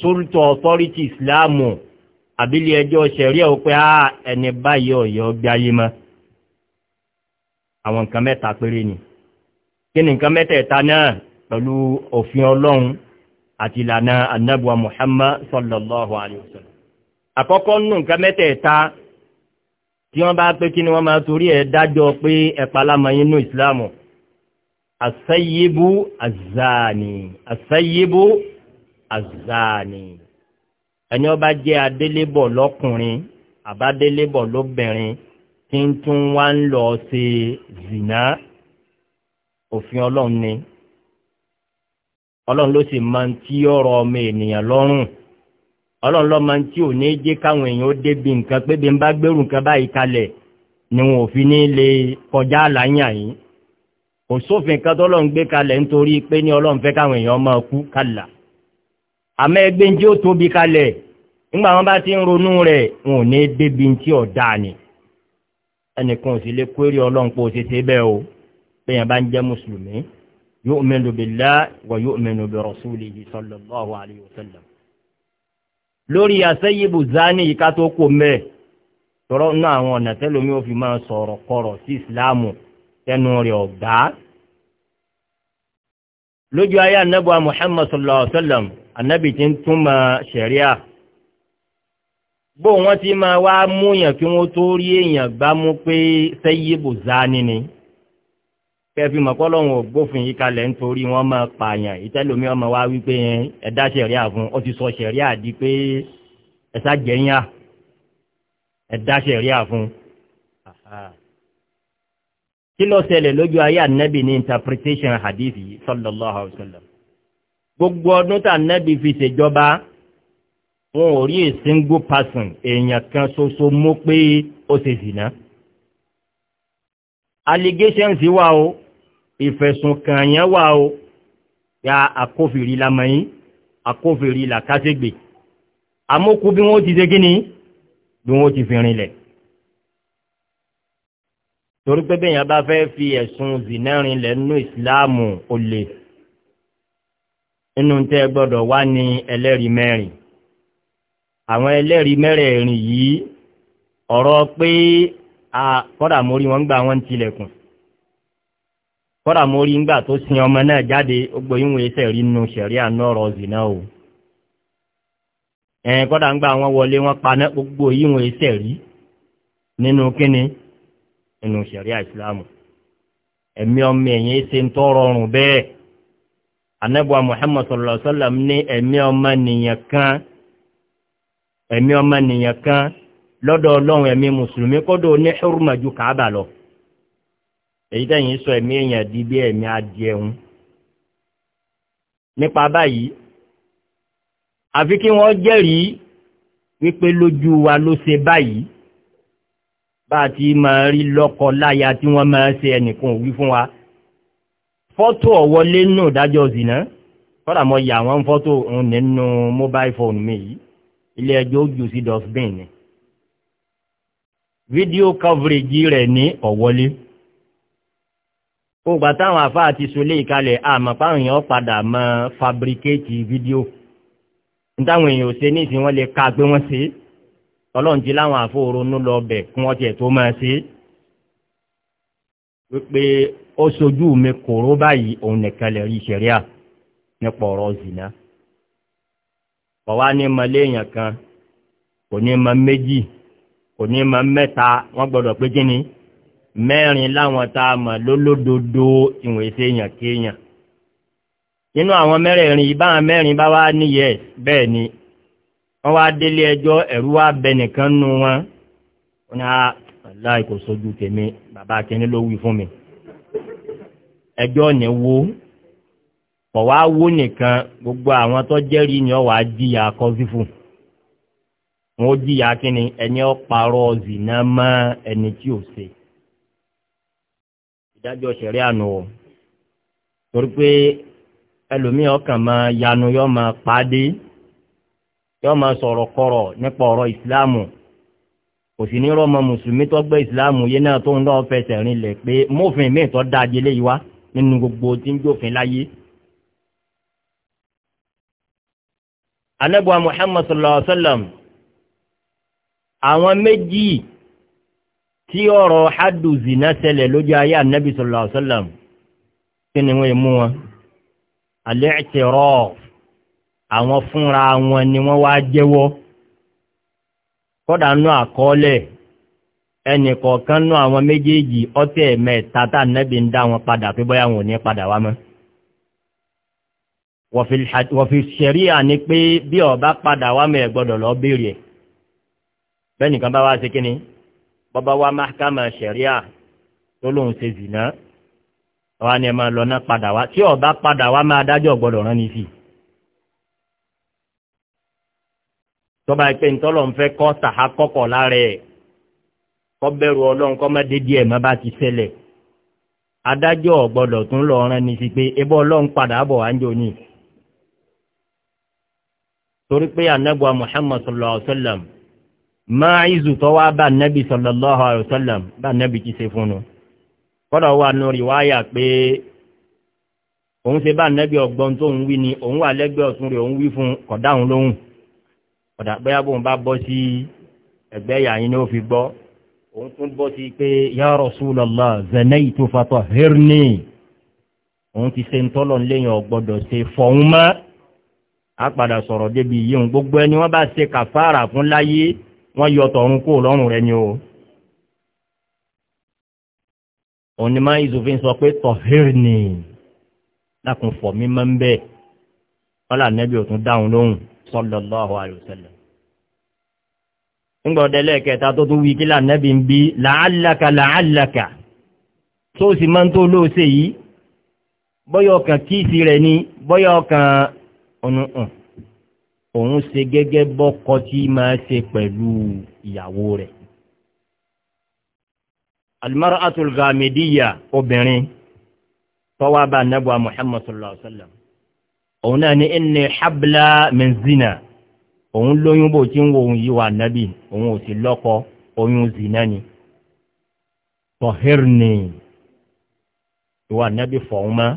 sóltọ̀ ọ̀tọ́rítì ìsìláàmù àbílẹ̀ ẹjọ́ sẹ̀rí ẹ̀ pé ẹni báyìí ọ̀yọ́ gbáyé mọ́ àwọn nǹkan mẹ́ta péré ni kí ni nǹkan mẹ́tẹ̀ẹ̀ta náà pẹ̀lú òfin ọlọ́run àti ìlànà anábùwà muhammad sallallahu alayhi wa sallam àkọ́kọ́ nù nǹkan mẹ́tẹ̀ẹ̀ta tí wọ́n bá pé kí ni wọ́n máa torí ẹ̀ dájọ́ pé ẹ̀pàlámọ̀ inú ìsìláàmù àṣẹ́yíbú àzáàní àṣẹ́yíbú àzáàní ẹni ọba jẹ́ adélébọ̀ lọ́kùnrin àbádélébọ̀ lóbìnrin tí ń tún wá ń lọ ṣe zìnà òfin ọlọ́run ni ọlọ́run ló sì máa ń tí ọ̀rọ̀ ọmọ ènìyàn lọ́rùn ọlọ́run ló máa ń tí ò ní jẹ́ káwọn èèyàn ó débi nǹkan pé bí n bá gbèrú nǹkan báyìí kalẹ̀ ni wọn ò fi ní lè kọjá àlàyé yìí kò sófin kan tó lọ́n gbé kalẹ̀ nítorí pé ní ọlọ́run fẹ́ káwọn èèyàn máa kú kàlà àmọ́ ẹgbẹ́ ń ó tóbi kalẹ̀ nígbà wọn bá ti ń ronú rẹ̀ wọn ò ní débi tí ọ̀dà ẹnìkan ò sì lè kórè ọlọ́run pé ó ṣe ṣe bẹ́ẹ̀ o bẹ́yàn bá ń jẹ́ mùsùlùmí yóò mẹ́nu bìlá wà yóò mẹ́nu bẹ̀rọ̀ sóòlì yìí sọ́lọ̀ lọ́wọ́ àlẹ́yò sẹ́lẹ̀. lórí àṣẹ́yìnbó zani yìí ká tó kó mẹ́ẹ̀ tọ́rọ́ náà àwọn ọ̀nà tẹ́lómi ò fi máa sọ̀rọ̀ kọ̀rọ̀ sí ìsìláàmù tẹnu rẹ̀ ọ̀gá. lójú ayé anábọ̀ muhammad sallallahu alayhi wa sallam anábì ti ń túmọ̀ sẹ̀ríà bó wọn ti máa wá mú èèyàn kí wọn tó rí èèyàn gbá mú pé sẹ́yìn bò zá nínú kẹfì mọ̀kọ́lọ́hún ò gbófin yìí kalẹ̀ nítorí wọ́n máa pààyàn ìtẹ́lómi ọmọ wa wípé ẹ̀dá sẹ̀ríà fún ó ti sọ sẹ̀ríà di pé ẹ̀sà jẹ̀yìn à ẹ̀dá sẹ̀ríà fún. kí ló ṣẹlẹ̀ lójú ayé ànábì ní interpretation hadithi sallallahu alayhi wa sallam gbogbo ọdún tá ànábì fi ṣèjọba wọn ò rí single person èèyàn kan ṣoṣo mú pé ó ṣe zìnà allegations wà o ìfẹ̀sùnkàn yẹn wà o ya akófìrí lamẹ́yìn akófìrí làkásẹ́gbè amókù bí wọ́n ti ṣe gíní bí wọ́n ti fi rinlẹ̀ torí pé bẹ́ẹ̀ yẹn bá fẹ́ fi ẹ̀sùn zìnẹ́rin lẹ́nu ìsìláàmù olè inú tẹ́ gbọ́dọ̀ wá ní ẹlẹ́rìí mẹ́rin àwọn ẹlẹ́rìí mẹ́rẹ̀ẹ̀rin yìí ọ̀rọ̀ pé kọ́dà mórí wọn gbà wọn tilẹ̀kùn kọ́dà mórí ńgbà tó sin ọmọ náà jáde ó gbóyún ẹsẹ̀ rí nu ṣẹ̀rí àná ọ̀rọ̀ zìnà o ẹ̀ẹ́n kọ́dà ńgbà wọn wọlé wọn paná gbogbo yíwọn ẹsẹ̀ nínú kíni nínú ṣẹ̀rí àìsílámù ẹ̀mí ọmọ ẹ̀yìn ẹsẹ̀ ń tọrọ bẹ́ẹ̀ anábọ̀ muhammadu sallallahu alaihi wa sallam ní ẹ̀mí ọmọ nìyẹn kan ẹ̀mí ọmọ nìyàn kan lọ́dọ̀ ọlọ́run ẹ̀mí mùsùlùmí kọ́dọ̀ ní ṣúrùmọ̀ ju kàábà lọ èyí tẹ̀yìn sọ ẹ̀mí èèyàn di bí ẹ̀mí adìẹun nípa báyìí àfi kí wọ́n jẹ́rìí wípé lójú wa ló ṣe báyìí bá a ti máa rí lọ́kọ láya tí wọ́n máa ṣe ẹnìkan òwí fún wa fọ́tò ọ̀wọ́lé nù dájọ́ zìnà kọ́dà mo yà wọ́n fọ́tò nínú mobile phone mi yìí ilé ẹjọ́ ó jù sí dustbin ni fídíò coverage rẹ̀ ní ọ̀wọ́lé ó gbà táwọn àfá àti sọlé ìkalẹ̀ àmọ́ páwọn èèyàn padà mọ́ fabricate fídíò nítawọn èèyàn ò ṣe ní ìsìn wọn lè ka pé wọ́n ṣe ọlọ́run ti láwọn àfòronú lọ bẹ̀ kí wọ́n tiẹ̀ tó máa ṣe wípé ó sojú mi kòró báyìí òun nìkan lè rí ìṣẹ̀ríà nípa ọ̀rọ̀ zìnà kọ̀ wá ní mọ léèyàn kan kò ní mọ méjì kò ní mọ mẹ́ta wọ́n gbọ́dọ̀ pé kí ni mẹ́rin láwọn tá a mọ̀ lólódodo ìwọ̀n èsè èèyàn kéèyàn nínú àwọn mẹ́rẹ̀ẹ̀rin ìbáwọn mẹ́rin bá wá ní bẹ́ẹ̀ ni wọ́n wá délé ẹjọ́ ẹ̀rú wá bẹ nìkan nú wọn wọn ni aláìkò sojú tèmi bàbá akíní ló wí fún mi ẹjọ́ ni wo kọ̀ wá wó nìkan gbogbo àwọn tó jẹ́rìí ni ọ wàá jìyà kọ́sífù wọn ó jìyà kínni ẹni ọ parọ́ zìnà mọ́ ẹni tí ò ṣe ìdájọ́ ṣẹ̀rí àná o torí pé ẹlòmíì ọkàn máa yanu yọ máa pàdé yọ máa sọ̀rọ̀ kọ̀rọ̀ nípa ọ̀rọ̀ ìsìláàmù kò sì ní rọ́mọ mùsùlùmí tó gbé ìsìláàmù yé náà tó ń lọ́ọ́ fẹsẹ̀ rinlẹ̀ pé mófin míì tó dáa jẹlé yìí wá nínú gbogbo tí ń jófin láyé. anabuwa muhammad sallallahu alaihi wa sallam àwọn méjì tí ọ̀rọ̀ hadu zina ṣẹlẹ̀ lójú ayé anabi sallallahu alaihi wa sallam kí ni wọ́n mú wọn al-i'tiraf àwọn fúnra wọn ni wọ́n wá jẹ́wọ́ kọ́dà nú àkọọ́lẹ̀ ẹnì kọ̀ọ̀kan nú àwọn méjèèjì ọ̀tẹ̀ mẹ́ta tá anabi ń dá wọn padà pé bóyá wọn ò ní padà wá mọ́ wọ̀fi ṣẹ̀ríà ni pé bí ọba padà wá mẹ́ gbọ́dọ̀ lọ béèrè ẹ̀ bẹ́ẹ̀ nìkan bá wá ṣe kí ni bọ́bá wá mákàmà ṣẹ̀ríà tó lóun ṣe zìnà wa ni ẹ máa lọ náà padà wá tí ọba padà wá máa dájọ́ gbọ́dọ̀ rán ni sí i. tọ́ba ẹ pé ntọ́lọ̀ ń fẹ́ kọ́ tàhá kọ́kọ̀ lára ẹ̀ kọ́ bẹ̀rù ọlọ́run kọ́ má dédí ẹ̀ má bá ti ṣẹlẹ̀ adájọ́ gbọ́dọ̀ tún lọ rán ni sí pé ebó ọlọ́run padà bọ̀ wá ń jò ní torí pé anábọ̀ muhammad sallallahu alaihi wa sallam máa ìzù tó wá bá nábì sallallahu alaihi wa sallam bá nábì ti ṣe fún un kọ́dọ̀ wà nù rí wáyà pé òun ṣe bá nábì ọgbọ́n tó ń wí ni òun wà lẹ́gbẹ̀ẹ́ ọ̀tún rẹ̀ òun wí fún kọ̀dáhùn lóhùn kọ̀dà bóyá bóun bá bọ́ sí ẹgbẹ́ ìyá ni ó fi gbọ́ òun tún bọ́ sí pé ya rasulallah zanayi tó fatọ̀ òun ti ṣe ń tọ́lọ̀ lẹ́yìn ọ̀gbọ́dọ̀ ṣe fọ̀hún mọ́ a padà sọ̀rọ̀ débi yíyún gbogbo ẹni wọ́n bá ṣe kàfàrà fún láyé wọ́n yọ tọ̀run kó lọ́rùn rẹ̀ ni o. onímọ̀ ìzòfin sọ pé tọ̀hírìnì lákùn fọ̀ mí máa ń bẹ̀ wọ́n là nẹ́bí ò tún dáhùn lóhùn sọ́lọ́lọ́hu àlùsẹ̀lẹ̀. nígbà ọdẹ lẹ́ẹ̀kẹta tó tún wí kí là ń bí làálàkà làálàkà tó sì máa ń tó lóòṣè yìí bọ́yọ̀ kan kíìsì rẹ̀ ni bọ́yọ̀ kan ọ̀nà hàn òun ṣe gẹ́gẹ́ bọ́kọ tí máa ṣe pẹ̀lú ìyàwó rẹ̀. alimara atulga mediya obìnrin tọ́wọ́ bá nẹ́bùa muhammad sallallahu alayhi wa sallam òun náà ní ẹni habla menzina òun lóyún bó ti ń wo òun yìí wà òun ò sì lọ́kọ oyún zina ni. tọ́hírni ìwà nábì fọ̀ọ́mọ́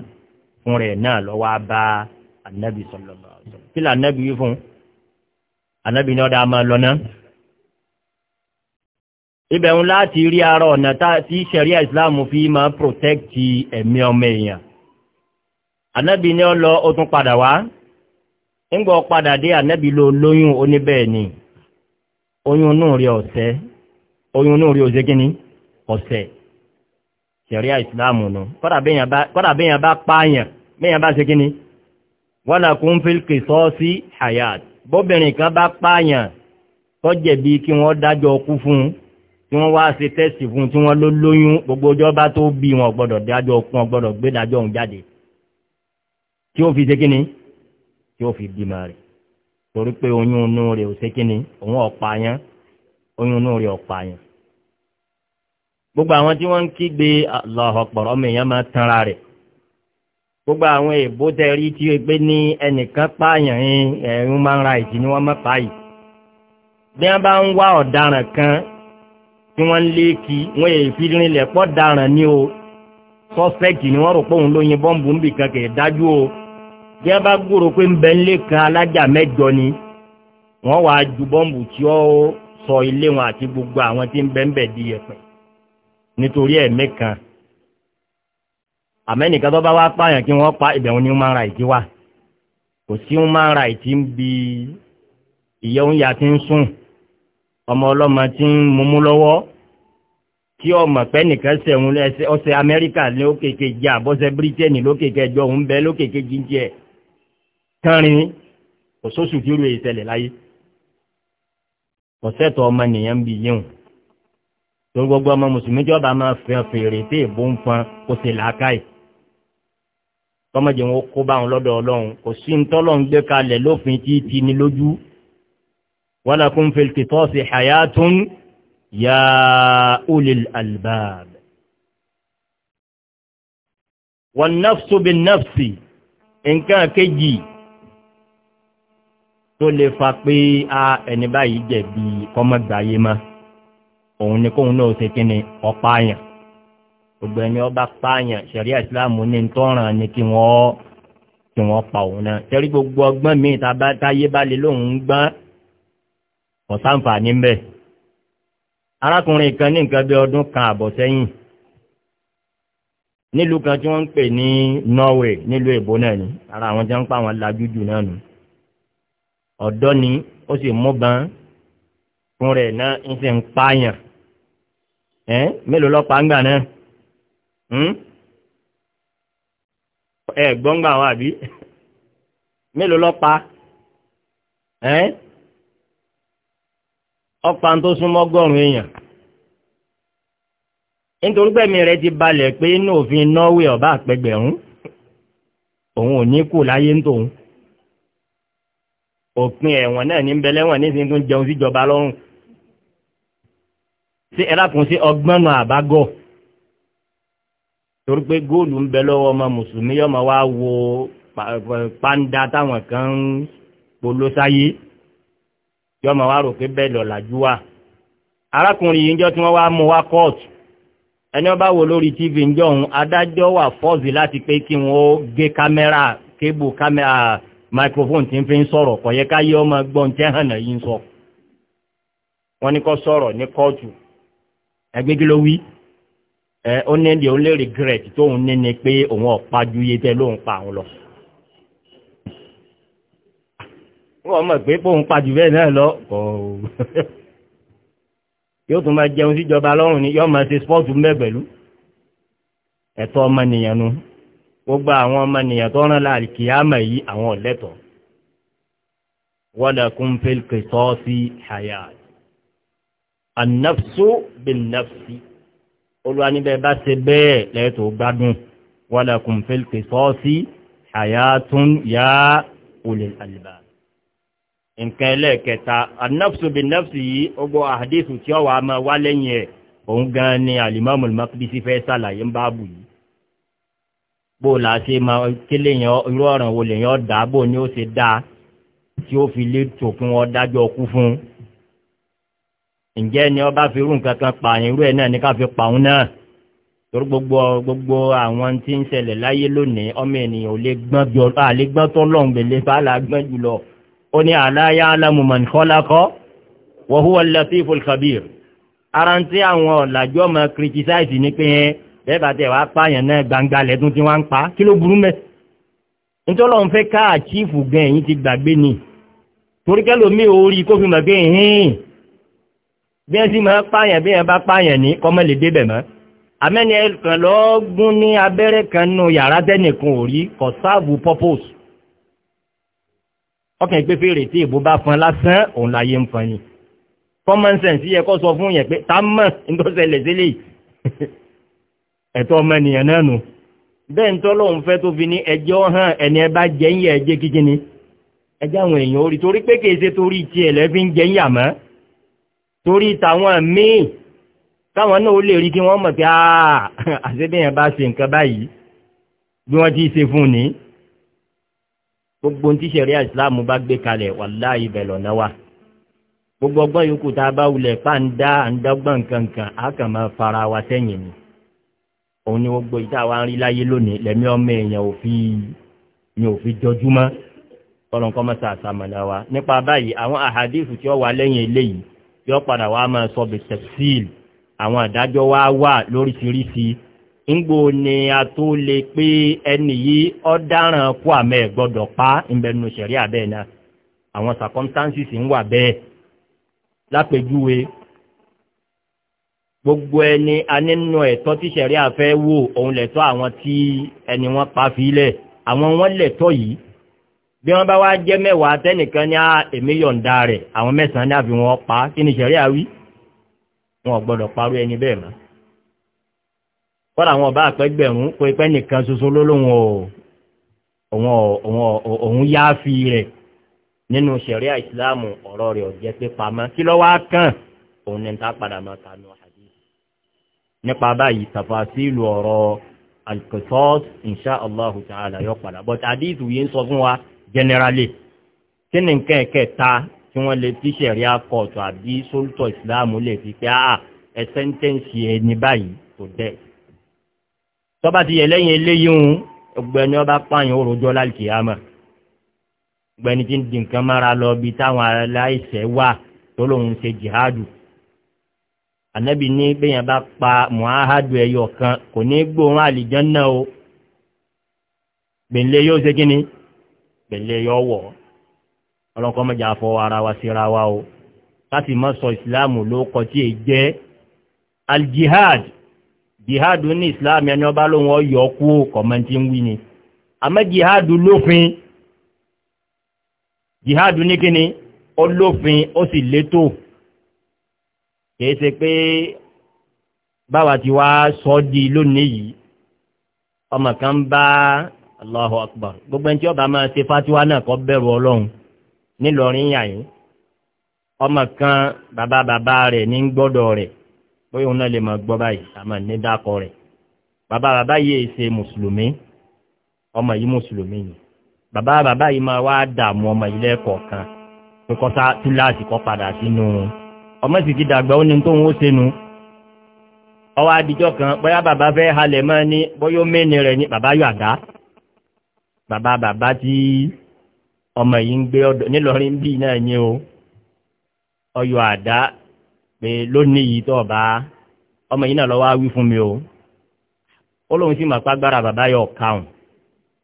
fún rẹ̀ náà lọ́wọ́ bá anabi sọlọlọ kila lè anabi yìí fún anabi ní ọ̀dà máa lọ náà. ibẹ̀ ń láti rí ara ọ̀nà tí sẹ̀ríà ìsìláàmù fi máa protẹ́kì ẹ̀mí ọmọ èèyàn. anabi ní ọ lọ ó tún padà wá ńgbọ́ padà dé anabi ló lóyún oníbẹ̀ẹ́ ni oyún inú rí ọ̀sẹ̀ oyún inú rí ọ̀sẹ̀ kínní ọ̀sẹ̀ sẹ̀ríà ìsìláàmù nù kọ́dà bẹ́yàn bá pààyàn bẹ́yàn bá ṣe kínní walakum fil qisasi hayat bóbìnrin kan bá pààyàn tọ́jẹ̀bi kí wọ́n dájọ́ kú fún un tí wọ́n wá ṣe tẹ́sì fún tí wọ́n ló lóyún gbogbo ọjọ́ bá tó bí wọn gbọ́dọ̀ dájọ́ kún wọn gbọ́dọ̀ gbé dájọ́ òun jáde tí ó fi ṣe kíni tí ó fi bímọ rẹ̀ torí pé oyún inú rẹ̀ ò ṣe kíni òun ọ̀pá yẹn oyún inú rẹ̀ ọ̀pá yẹn. gbogbo àwọn tí wọ́n ń kígbe Allahu gbogbo àwọn èbó tẹrí tí o gbé ní ẹnìkan pààyàn human rights ni wọ́n mọ̀ pààyè bí bá ń wá ọ̀daràn kan tí wọ́n ń lé kí wọ́n èyí fi pọ̀ daràn ní o sọ́sẹ́kì ni wọ́n kì í dájú o bí wọ́n bá kan alájà mẹ́jọ ni wọ́n wàá ju bọ́ǹbù sọ ilé wọn àti gbogbo àwọn tí ń ń kan. àmẹ́nìkan tó bá wá pààyàn kí wọ́n pa ìbẹ̀rún ní human rights wà kò sí human rights ń bi ìyá oúnjẹ àti ń sùn ọmọ ọlọ́mọ tí ń mumú lọ́wọ́ tí ọmọ pẹ́ nìkan sẹ̀hún ọ̀sẹ̀ amẹ́ríkà ní jẹ́ àbọ̀sẹ̀ bírítéènì lókèkè ẹjọ́ òun bẹ́ẹ̀ lókèkè jíjẹ́ kánrin òṣooṣù tí ó rò ìṣẹ̀lẹ̀ láyé ọ̀sẹ̀ ọmọ nìyẹn ń bi yéhùn tó gbogbo ọmọ mùsùlùmí tí máa fẹ́ fèrè tí èbó ń pọn kó ṣe làákàyè kọ́mọ̀jẹ̀ wọn kó báwọn lọ́dọ̀ ọlọ́run kò sí ń tọ́lọ̀ ń gbé kalẹ̀ lófin tí ti ní lójú wọ́lá kún fi kìtọ́ sí hayatun ya ulil albab wọn nafsu bin nafsi nǹkan kejì tó lè fa pé a ẹni báyìí jẹ̀bi kọ́mọ̀gbáyé mọ́ òun ni kóun náà ṣe kíni ọ̀pá àyàn gbogbo ẹni ọba pààyàn sẹ̀ríà ìsìláàmù ní tọ́ràn ni kí wọ́n kí wọ́n pa òun náà sẹ́rí gbogbo ọgbọ́n míì táyé bá lè lóun ń gbọ́n ọ̀sánfààní ń bẹ̀. arákùnrin kan ní nǹkan bí ọdún kan àbọ̀ sẹ́yìn nílùú kan tí wọ́n ń pè ní norway nílùú èbó náà ni ara àwọn tí wọ́n ń pa àwọn lajújù náà nù ọ̀dọ́ ni ó sì múban fún rẹ̀ náà ń sì ń pààyàn mélòó lọ́pàá ń gbà náà ẹ hmm? eh, gbọ́ngbà wa àbí mélòó lọ́pa ẹ́ eh? ọ̀pá tó súnmọ́ gọ́rùn-ún èèyàn nítorí pẹ̀mí rẹ̀ ti balẹ̀ pé inú òfin norway ọba àpẹgbẹ̀rún òun ò ní kù láyé ń tòun òpin ẹ̀wọ̀n náà ní bẹlẹ́wọ̀n nísìnyí tó ń jẹun síjọba lọ́rùn sí ẹlákùn sí ọgbọ́nù àbágọ́ọ̀ torí pé góòlù ń bẹ lọ́wọ́ ọmọ mùsùlùmí yọmọ wá wo pàǹdà táwọn kan ń polo sáyé yọmọ wá rò pé bẹ́ẹ̀ lọ́làjú wa arákùnrin yìí ń jọ tí wọ́n wá mú wá kóòtù ẹni ọba wo lórí tv ń jọ òun adájọ́ wà fọ́ọ̀sì láti pé kí wọ́n gé kámẹ́rà kébù kámẹ́rà microphone tí ń fi ń sọ̀rọ̀ kọ̀ yẹ ká yẹ ọmọ gbọ́n tẹ́ hàn náà yìí ń sọ wọ́n ní kọ́ sọ̀rọ̀ ní kóòtù ẹgbẹ́ ló wí ẹ ó ní ẹni òun lè regret tóun ní ni pé òun ọ̀pá ju tẹ lóun pa àwọn lọ. wọ́n mọ̀ pé bóun pa bẹ́ẹ̀ náà lọ kọ́ yóò tún máa jẹun síjọba lọ́rùn ni yóò máa ṣe spọ́ọ̀tù mẹ́ pẹ̀lú ẹ̀tọ́ ọmọnìyàn nu gbogbo àwọn ọmọnìyàn tó rán láàrin kì á mọ̀ yí àwọn ọ̀lẹ́tọ̀ wọ́dà kún fẹ́ẹ́ kẹtọ́ sí hayat anafsu bin nafsi olúwa níbẹ̀ bá ṣe bẹ́ẹ̀ lẹ́tọ̀ọ́ gbádùn walakum fil qisasi hayatun ya ulil albab nǹkan ẹlẹ́ẹ̀kẹta anafsu bin nafsi yìí ó gbọ́ àdéhùn tí ọwọ́ a máa wá lẹ́yìn ẹ̀ òun gan ni alimami makidisi fẹ́ ṣàlàyé ń bá bù yìí bó la ṣe máa kílé yẹn irú ọ̀ràn wo lèyàn dá bó ni ó ṣe dá tí ó fi lè tòkun ọdájọ́ kú fún un ǹjẹ́ ni ọba fi rú nǹkan kan pààyàn irú ẹ̀ náà ní ká fi pààrùn náà torí gbogbo gbogbo àwọn tí ń ṣẹlẹ̀ láyé lónìí ọmọ ènìyàn ò lè gbọ́n bí ọlọ́ àlè gbọ́n tó lọ́n gbèlè fàálà gbọ́n jùlọ ó ní àláyá alámùmọ̀n kọ́lákọ́ wọ̀húwọ́ lẹ́sífò kabir ara tí àwọn ọ̀làjú ọmọ kìrìtìsáìtì ní pé bẹ́ẹ̀ bá tẹ̀ wàá pààyàn náà gbangba lẹ́tún tí wọ́n ń pa kí ló burú mẹ́ nítorí wọn fẹ́ ká àchífù gan ẹ̀yìn ti gbàgbé ni torí kẹ́lòmíì orí kófin mọ̀ pé bí ẹ sì máa pààyàn bí ẹ bá pààyàn ní kọ́mọ́ lè débẹ̀ mọ́ àmẹ́ni ẹ̀kan lọ gún ní abẹ́rẹ́ kan nù yàrá tẹ́nìkan ò rí kò sáàbù purpose ọkàn ìpé fèrè tí ìbò bá fọn lásán òun láyé ń fọn ni common sense yẹ kó sọ fún yẹn pé tá mọ̀ ńdọ́sẹ̀lẹ̀ sílẹ̀ *laughs* ẹ̀tọ́ ọmọnìyàn náà nù bẹ́ẹ̀ ń tọ́lọ́ ń fẹ́ tó fi ní ẹjọ́ hàn ẹni ẹ bá jẹ́yìn ẹjẹ́ kíkíni ẹjẹ́ àwọn èèyàn orí torí pé kèése torí tiẹ̀ lẹ́fí ń jẹ́yìn àmọ́ torí tàwọn míì táwọn náà ó lè rí kí wọ́n mọ̀ pé *laughs* àṣẹ́bẹ̀yàn bá ṣe nǹkan báyìí bí wọ́n ti ṣe fún ni gbogbo tí sẹ̀ríà ìsìláàmù bá gbé kalẹ̀ wà láàyè bẹ̀lọ̀ náà wà gbogbo ọgbọ́n yòókù tá a bá wulẹ̀ pa ń kankan a kàn máa fara wa sẹ́yìn ni òun ni gbogbo ìta wa ń rí láyé lónìí lẹ́mí ọmọ èèyàn ò fi ni ò fi jọjú ọlọ́nkọ́ mọ́sàásà mọ̀lá wa nípa báyìí àwọn àhàdífù tí ó wà lẹ́yìn eléyìí yọ padà wá máa sọ bí tẹ̀síìl àwọn àdájọ́ wá wà lóríṣiríṣi ńgbò ni a tó lè pé ẹni yìí ọ̀daràn kú àmẹ́ gbọ́dọ̀ pa ìbẹ̀nu ṣẹ̀rí àbẹ́ náà àwọn circumstances ń wà bẹ́ẹ̀ lápèjúwe gbogbo ẹni anínú ẹ̀tọ́ tí ṣẹ̀rí àfẹ́ wò òun lẹ̀tọ́ àwọn tí ẹni wọ́n pa fílẹ̀ àwọn wọ́n lẹ̀tọ́ yìí bí wọ́n bá wá jẹ́ mẹ́wàá tẹ́nìkan ní èmi yọ̀ǹda rẹ̀ àwọn mẹ́sàn ní àfi pa kí ni ṣẹ̀rí àwí wọn gbọ́dọ̀ parú ẹni bẹ́ẹ̀ mọ́ kọ́dà àwọn ọba àpẹ́gbẹ̀rún kó ipẹ́ nìkan ṣoṣo lólóhùn òun yá fi rẹ̀ nínú ṣẹ̀rí ìsìláàmù ọ̀rọ̀ rẹ̀ ọ̀jẹ́ pé pamọ́ kí lọ́wọ́ á kàn òun ní ta padà máa tanú àdé nípa báyìí tàfàṣìlù ọ̀rọ̀ alkosọ́ọ̀sì inṣáàlá ta'ala yọ padà bọ́t àdéhùn yìí ń sọ fún wa generally kí ni nǹkan ẹ̀kẹta tí wọ́n lè fi ṣẹ̀rí akọ̀tù àbí sólùtọ̀ ìsìláàmù lè fi pé àà ah, ẹ sẹ́ńtẹ́ǹsì ẹni báyìí tó dẹ̀. tọ́ba ti yẹ lẹ́yìn eléyìí ń ọgbẹ́ni ọba pààyàn òròjọ́ láìkè àmà ọgbẹ́ni tí ń di nǹkan mára lọ bí táwọn aláìsẹ̀ wà tó lòun ṣe jihadu. ànábì ní bẹ́yẹn bá pa muhammadu ẹyọ kan kò ní gbóòórùn àlìjọ́ náà o gbẹ̀ǹlẹ̀ yóò ṣe kí ni pẹ̀lẹ́ yọ̀wọ̀ ọlọ́kọ́ mẹ́jà fọ ara wa síra wa o láti má sọ ìsìláàmù ló kọ tí è jẹ́ aljihad jihad ní ìsìláàmù ẹni ọba lóhun ọyọ kú kọ̀mẹ́ntì ń wí ni àmọ́ jihad lófin jihad ní kíni ó lófin ó sì létò kìí ṣe pé báwa ti wá sọ di lónìí yìí ọmọ kan bá allahu akbar gbogbo ẹni tí ọba máa ṣe fatiwa náà kọ́ bẹ̀rù ọlọ́run nílọrin yàn yín ọmọ kan bàbá bàbá rẹ̀ ní gbọ́dọ̀ rẹ̀ bóyá òun náà lè máa gbọ́ báyìí àmọ́ ní dákọ rẹ̀ bàbá bàbá yìí ṣe mùsùlùmí ọmọ yìí mùsùlùmí yìí bàbá bàbá yìí máa wá dààmú ọmọ yìí lẹ́ẹ̀kọ̀ọ̀kan pé kọ́sá túláàsì kọ́ padà sínú ọmọ sì ti dàgbà ó ní tóun ó ṣẹnu ọwọ́ adijọ́ kan bóyá bàbá fẹ́ halẹ̀ mọ́ ní bóyá ó mẹ́ni rẹ̀ ní bàbá yọ àdá bàbá bàbá tí ọmọ yìí ń gbé ọdọ nílọrin bí náà ni o ọyọ àdá pé lónìí yìí tó ọba ọmọ yìí náà lọ wá wí fún mi o ó lóun sì mọ̀ pàgbára bàbá yọ ọ̀kaùn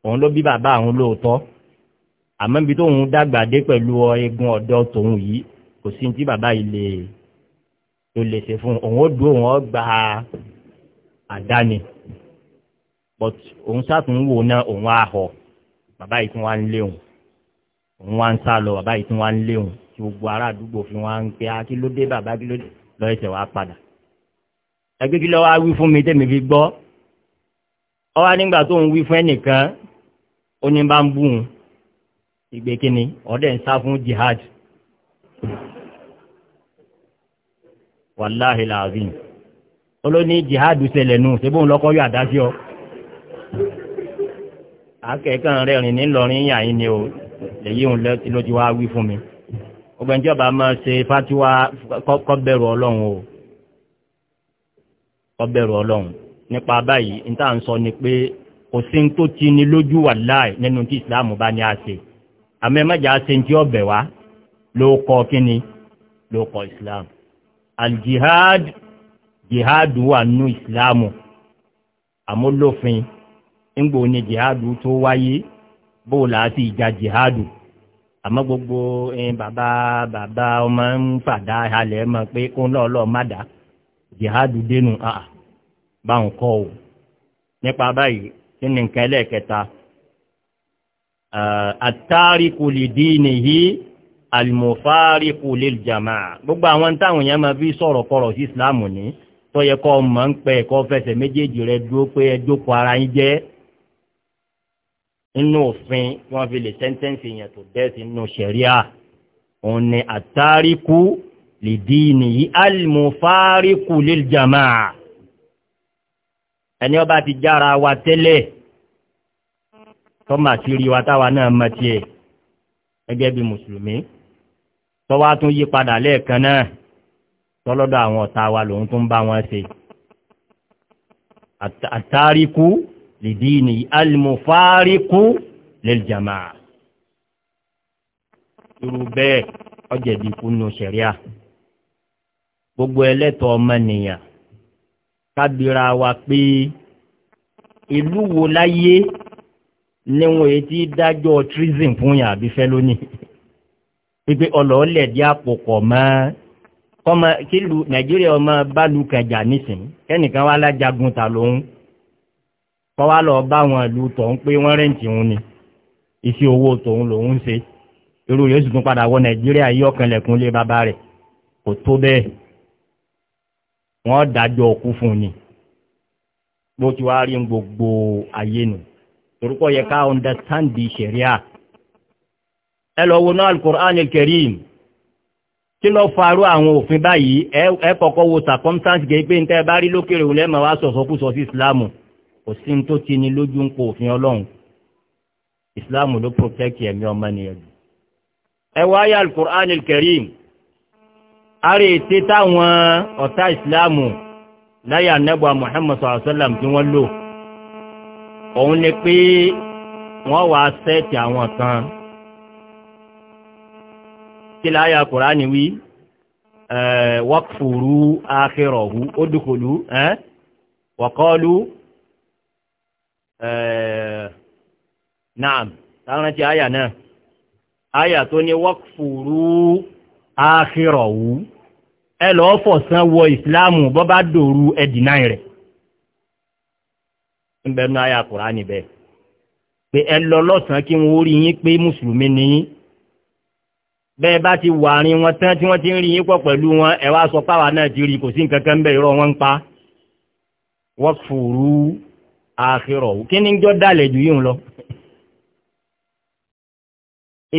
òun ló bí bàbá àwọn lóòótọ́ àmọ́ ibi tóun dàgbà dé pẹ̀lú eegun ọ̀dọ́ tòun yìí kò sí ti bàbá yìí lè tó lè ṣe fún òun ó dúró òun ó gba àdáni but òun sátún wò náà òun á họ bàbá yìí tún wá ń léwùn òun wá ń sá lọ bàbá yìí tún wá ń léwùn tí gbogbo ará àdúgbò fi wá ń pé ah, kí ló dé bàbá kí ló dé lọ ẹsẹ̀ wá padà ẹgbẹ́ kí lọ́wọ́ wí fún mi tẹ́mi fi gbọ́ ọ wá nígbà tó ń wí fún ẹnìkan ó ní bá ń bù ún ìgbé kíni ọ̀dẹ̀ ń sá fún jihad wàláhì làzim ó ló ní jihad ṣẹlẹ̀ nù ṣé bóun lọ́kọ́ yóò àdá sí ọ akẹ́kọ̀ọ́ rẹ̀ rìn ní lọ́rin yàn yín ni o èyí òun ló ti wá wí fún mi ọgbẹ̀njọba máa ṣe fatiwa kọ́bẹ̀rù ọlọ́run o kọ́bẹ̀rù ọlọ́run nípa báyìí n tá à ń sọ ni pé kò sí tó ti ní lójú wà láì nínú tí ìsìláàmù bá ní a àmì mẹ́jà ṣe ń tí ọbẹ̀ wá ló kọ kíni ló kọ ìsìláàmù aljihad jihad wà nú ìsìláàmù àmúlòfin ńgbò ní jihadu tó wáyé bóòlà àti ìjà jihadu àmọ́ gbogbo bàbá bàbá ọmọ ń fàdá halẹ̀ mọ̀ pé kó lọ́ọ̀lọ́ọ̀ má dá jihadu dénú àà báwọn kọ́ o nípa báyìí kí ni nǹkan ẹlẹ́ẹ̀kẹta àtàríkù lìdí nìyí àlùmọ̀fáríkù lè jàmà gbogbo àwọn táwọn yẹn máa fi sọ̀rọ̀ kọ̀rọ̀ sí islam ní tó kọ́ mọ̀ ń pẹ́ ẹ̀kọ́ fẹsẹ̀ méjèèjì rẹ dúró pé ẹjókòó ara yín jẹ́ inú òfin tí wọ́n fi lè sẹ́ńtẹ́ǹsì yẹn tó dẹ́ẹ̀sì inú ṣẹ̀ríà òun ni àtàríkù lìdíìnì yìí alìmọ̀fáríkù lìjàmà ẹni ọba ti jára wa tẹ́lẹ̀ tọ́mà sí rí wa táwa náà mọ̀ tiẹ̀ gẹ́gẹ́ bí mùsùlùmí tọ́wá tún yí padà lẹ́ẹ̀kan náà tọ́lọ́dọ̀ àwọn ọ̀tá wa lòun tún bá wọn ṣe àtàríkù. At lidini almufariku liljamaa irú bẹ́ẹ̀ ọjẹ̀bi kunu sẹ̀ríà gbogbo ẹlẹ́tọ̀ ọmọnìyàn kábìrà wa pé ìlú wo láyé ni wọn èyí tí dájọ́ treason fún yàn àbí fẹ́ lónìí pípé ọlọ́ọ̀lẹ̀ dí mọ́ kọ́mọ kílù nàìjíríà ọmọ bálùkàjà nísìnyí kẹ́nìkan wà lájagun ta lòun kọ́ wá lọ bá wọn ìlú tọ̀hún pé wọ́n rẹ́ǹtì òun ni iṣẹ́ owó tòun lòun ń ṣe irú yóò sì tún padà wọ nàìjíríà yí ọ̀kanlẹ̀kùn lé bàbá rẹ̀ kò tó bẹ́ẹ̀ wọ́n dájọ́ òkú fún ni bó ti wá rí gbogbo ayé nù torúkọ yẹ ká ọ̀ndàstáǹdì ṣẹ̀ríà ẹ lọ wo náà alukur'an kẹrìm kí lọ farú àwọn òfin báyìí ẹ kọ́kọ́ wo circumstance gẹ́gẹ́ pé ní tẹ́ bá rí lókèrè òun lẹ́mọ̀ wá sọ̀sọ́kú sọ sí ìsìlámù kò sí ní tó ti ní lójú ń po òfin ọlọ́run ìsìláàmù ló protect ẹ̀mí ọmọ nìyẹn jù. ẹ wá yà alukur'an kẹrìm àrè ètè táwọn ọ̀tá ìsìláàmù láyà nẹ́gbà muhammed sọ̀rọ̀ sọ́làm tí wọ́n lò òun ni pé wọ́n wá sẹ́ẹ̀tì àwọn kan kí láyà kùránì wí wọ́kfùrú àkẹrọ̀hù ó dùkòlù wọ́kọ́lù naam táwọn ti àyà náà àyà tó ní wọ́kfùrú àkírọ̀wú ẹ lọ́ọ́ fọ̀sán wọ ìsìláàmù bọ́ bá dòru ẹ̀dínà rẹ̀ ń bẹ̀rù àyà kùrá níbẹ̀ pé ẹ lọ lọ́sàn kí wọ́n rí yín pé mùsùlùmí ni yín bẹ́ẹ̀ bá ti wà rin wọn tán tí wọ́n ti ń rí yín pọ̀ pẹ̀lú wọn ẹ wá sọ páwa náà ti rí kò sí nǹkan kan bẹ́ẹ̀ irọ́ wọn ń pa wọ́kfùrú àkírọ̀wú àkírọ̀ kí ní jọ dálẹ̀ jù yíò lọ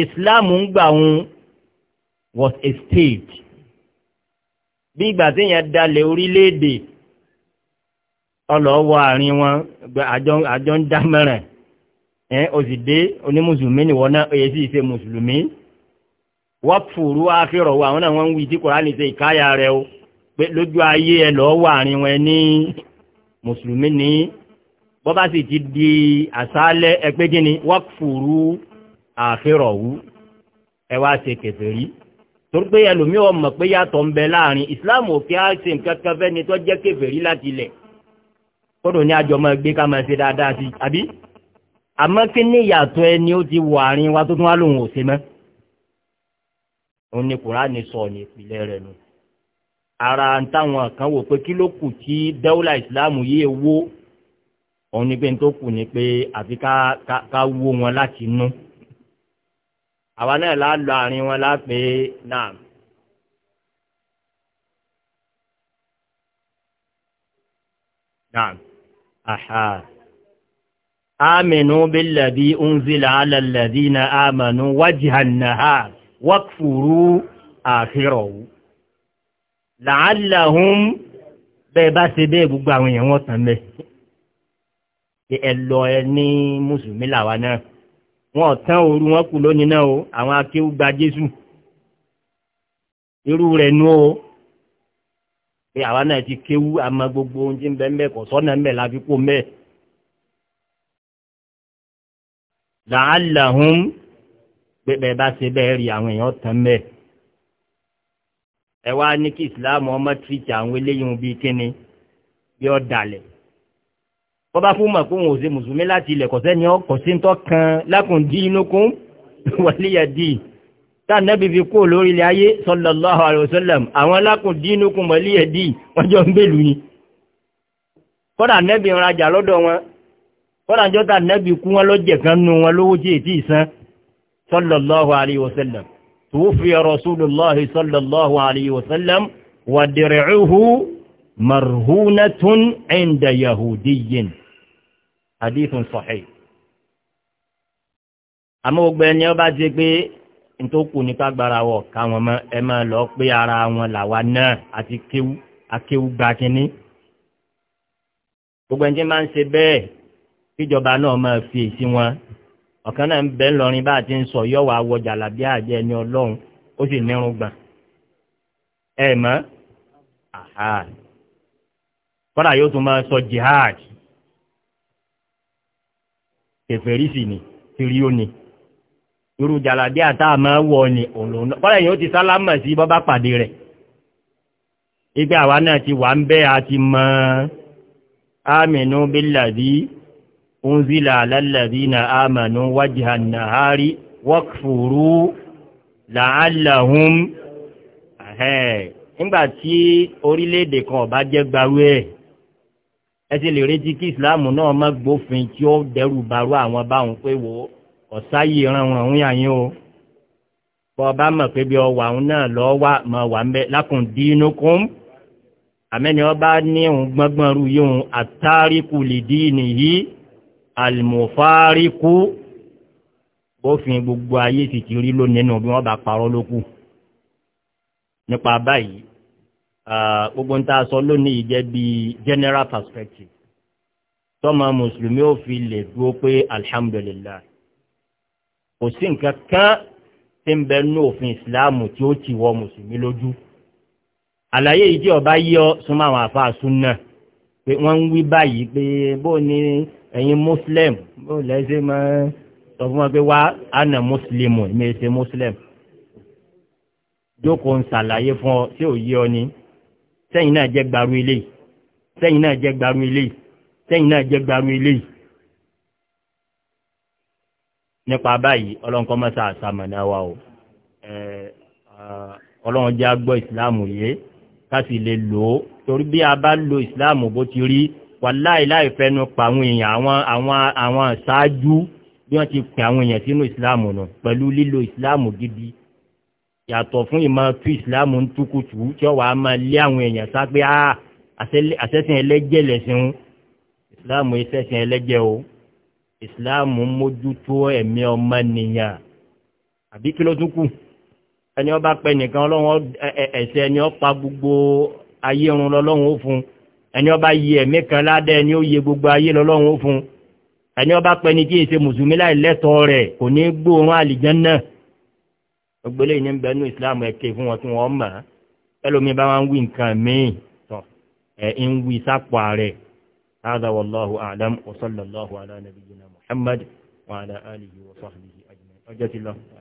islam ń gbà wọn was a state bí ìgbà tí yẹn dalẹ̀ orílẹ̀-èdè ọlọ́wọ́ àárín wọn àjọ ń dámẹ́rẹ̀ ẹ̀ òsìdé onímùsùlùmí nìwọ náà èyí sì ṣe mùsùlùmí wọ́n fòrú àkírọ̀ wọn àwọn náà wọ́n ń wí tí kòránì ṣe ìkáyà rẹ̀ o lójú ayé ẹ lọ́wọ́ àárín wọn ní mùsùlùmí ní bọ́ bá sì ti di àsálẹ́ ẹgbẹ́ gíní wákùrú àfẹ́rọ̀wú ẹ wá ṣe kèfèrí torí pé ẹlòmíì ọmọ pé yàtọ̀ ń bẹ láàrin islam òkè á ṣe nǹkan kan fẹ́ni tó jẹ́ kèfèrí láti ilẹ̀ kódò ní àjọmọ ẹgbẹ́ ká máa ṣe dáadáa sí àbí àmọ́ kí ní ìyàtọ̀ ẹni ó ti wọ àárín wa tó tún wá lòun ò ṣe mọ́ òun ni kùránì sọ ní ìpìlẹ̀ rẹ̀ nù ara táwọn kan wò pé kí ló kù tí dáúlà ìsìláàmù yìí wó òun ni pé n tó kù ni pé àfi ká ká wó wọn láti nú àwa náà lá lọ àárín wọn lápè náà. Naam. Aha. آمنوا بالذي أنزل على الذين آمنوا وجه النهار واكفروا آخره لعلهم بيباسي بيبو باوين وطن بيه pé ẹ lọ ẹ ní mùsùlùmí làwa náà wọn tán ooru wọn kù lónìí náà o àwọn akéwù gba jésù irú rẹ̀ nú o pé àwa náà ti kéwù àmọ́ gbogbo ohun tí ń bẹ ń bẹ kọ sọnà ń bẹ láfi ń bẹ. làálàhùn bẹ́ẹ̀ bá ṣe bẹ́ẹ̀ rí àwọn èèyàn tán bẹ́ẹ̀ ẹ wá ní kí ìsìláàmù ọmọ tìrìtì àwọn eléyìí bíi kíni bí ọ dalẹ̀ wọ́n bá fún mọ̀ pé òun ò ṣe mùsùlùmí láti ilẹ̀ kọ̀sẹ́ ni ọkọ̀ sí tọ́ kan lákùn dí inú kún *laughs* wàlíyà dì táà nẹ́bí fi kó lórí ilẹ̀ ayé sallallahu alaihi wasallam àwọn lákùn dí inú kún wàlíyà dì wọ́n jọ ń bèlú ni kọ́dà nẹ́bí rajà lọ́dọ̀ wọn kọ́dà jọ́ta nẹ́bí kú wọn lọ́jẹ̀ kan nu wọn lówó tí ètí ìsan sallallahu alaihi wasallam tuwufi rasulullahi sallallahu alaihi wasallam wa hadithun sahih. àmọ́ gbogbo ẹni ọba ti pé ntòkù ní kágbára wọ káwọn mọ ẹ máa lọ pé ara wọn làwa náà àti kéwú akéwú gba kínní. gbogbo ẹni tí máa ń ṣe bẹ́ẹ̀ kíjọba náà máa fi èsì wọn ọ̀kan náà ń bẹ ńlọrin bá ti ń sọ yọ̀wọ̀ àwọ̀ jàlábí àjẹ ẹni ọlọ́run ó sì nírun gbọ̀n. ẹ mọ̀ kọ́dà yóò tún máa sọ jihad kẹfẹ́rí sì ni kiri ó ni irú jàlàdí àtà àmọ́ wọ ni òun náà kọ́lá yìí ó ti sálámà sí bọ́bá pàdé rẹ̀ ipe àwa náà ti wà ń bẹ́ àti mọ́ ámìnú bílàdí unzila alálàdí na ámànú wájìhà nàhárí wọ́kfùrú làálàhùn nígbà tí orílẹ̀-èdè kan ọ̀bá jẹ́ gbarú ẹ̀ ẹ ti lè retí kí ìsìláàmù náà má gbófin tí ó dẹrù bàrú àwọn báwọn pé wò ó ọ̀sáyé ránwọ̀n ń yàn yín o bọ́ ọba mọ̀ pé bí ọwà òun náà lọ wà mọ̀ wà ń bẹ lákùn dínú kún àmẹ́ni ọba ní òun gbọ́ngbọ́n rú yóò àtàríkù lìdí nìyí àlùmọ̀fáríkù bófin gbogbo ayé sì ti rí lónìí nù bí wọ́n bá parọ́ lókù nípa báyìí gbogbo ń ta sọ lónìí yìí jẹ́ general perspective tọ́mọ mùsùlùmí ò fi lè dúró pé alhamdulilah kò sí nǹkan kan tí ń bẹ nú òfin ìsìláàmù tí ó ti wọ mùsùlùmí lójú àlàyé yìí tí ọba yí ọ súnmọ́ àwọn àfáà súnà pé wọ́n ń wí báyìí pé bó ni ẹ̀yin muslim bó lẹ́sẹ̀ máa sọ fún wọn pé wá àna muslimu èmi ṣe muslim jókòó ń ṣàlàyé fún ọ tí ò yí ọ ni sẹ́yìn náà jẹ́ gbaru ilé sẹ́yìn náà jẹ́ gbaru ilé sẹ́yìn náà jẹ́ gbaru ilé nípa báyìí ọlọ́run kọ́ mọ́sá àsàmọ̀nà wa o ọlọ́run jẹ́ agbọ́ ìsìláàmù yìí ká sì lè lò ó torí bí a bá lo ìsìláàmù bó ti rí wà láìláì fẹnu pa àwọn èèyàn àwọn àwọn àwọn ṣáájú bí wọ́n ti pè àwọn èèyàn sínú ìsìláàmù nù pẹ̀lú lílo ìsìláàmù gidi yàtọ̀ fún ìmọ̀ tú ìsìláàmù ń túkùtù tí ó wà á máa lé àwọn èèyàn sá pé àṣẹ́sìn ẹlẹ́jẹ̀ lẹ̀sìn ìsìláàmù ìṣẹ́sìn ẹlẹ́jẹ̀ o ìsìláàmù mójútó ẹ̀mí ọmọ nìyàn àbí kí ló tún kù ẹni ọba pẹ nìkan ọlọ́run ẹ̀sẹ̀ ẹni ọpa gbogbo ayé run lọ́lọ́run ó fún ẹni ọba yí ẹ̀mí kan ládẹ́ ẹni ó yẹ gbogbo ayé lọ́lọ́run ó fún ẹni ọba pẹ ni kí èsè mùsùlùmí láì lẹ́tọ̀ọ́ rẹ̀ kò ní gbóòórùn àlìjẹ́ náà gbogbo eléyìí ní bẹ́ẹ̀ ní ìsìláàmù ẹ̀kẹ́ fún wọn tí wọ́n mọ̀ ẹ́ bá wọn wí nǹkan míì tọ̀ ẹ̀ ń wí sápò ààrẹ هذا والله أعلم وصلى الله على نبينا محمد وعلى آله وصحبه أجمعين أجت الله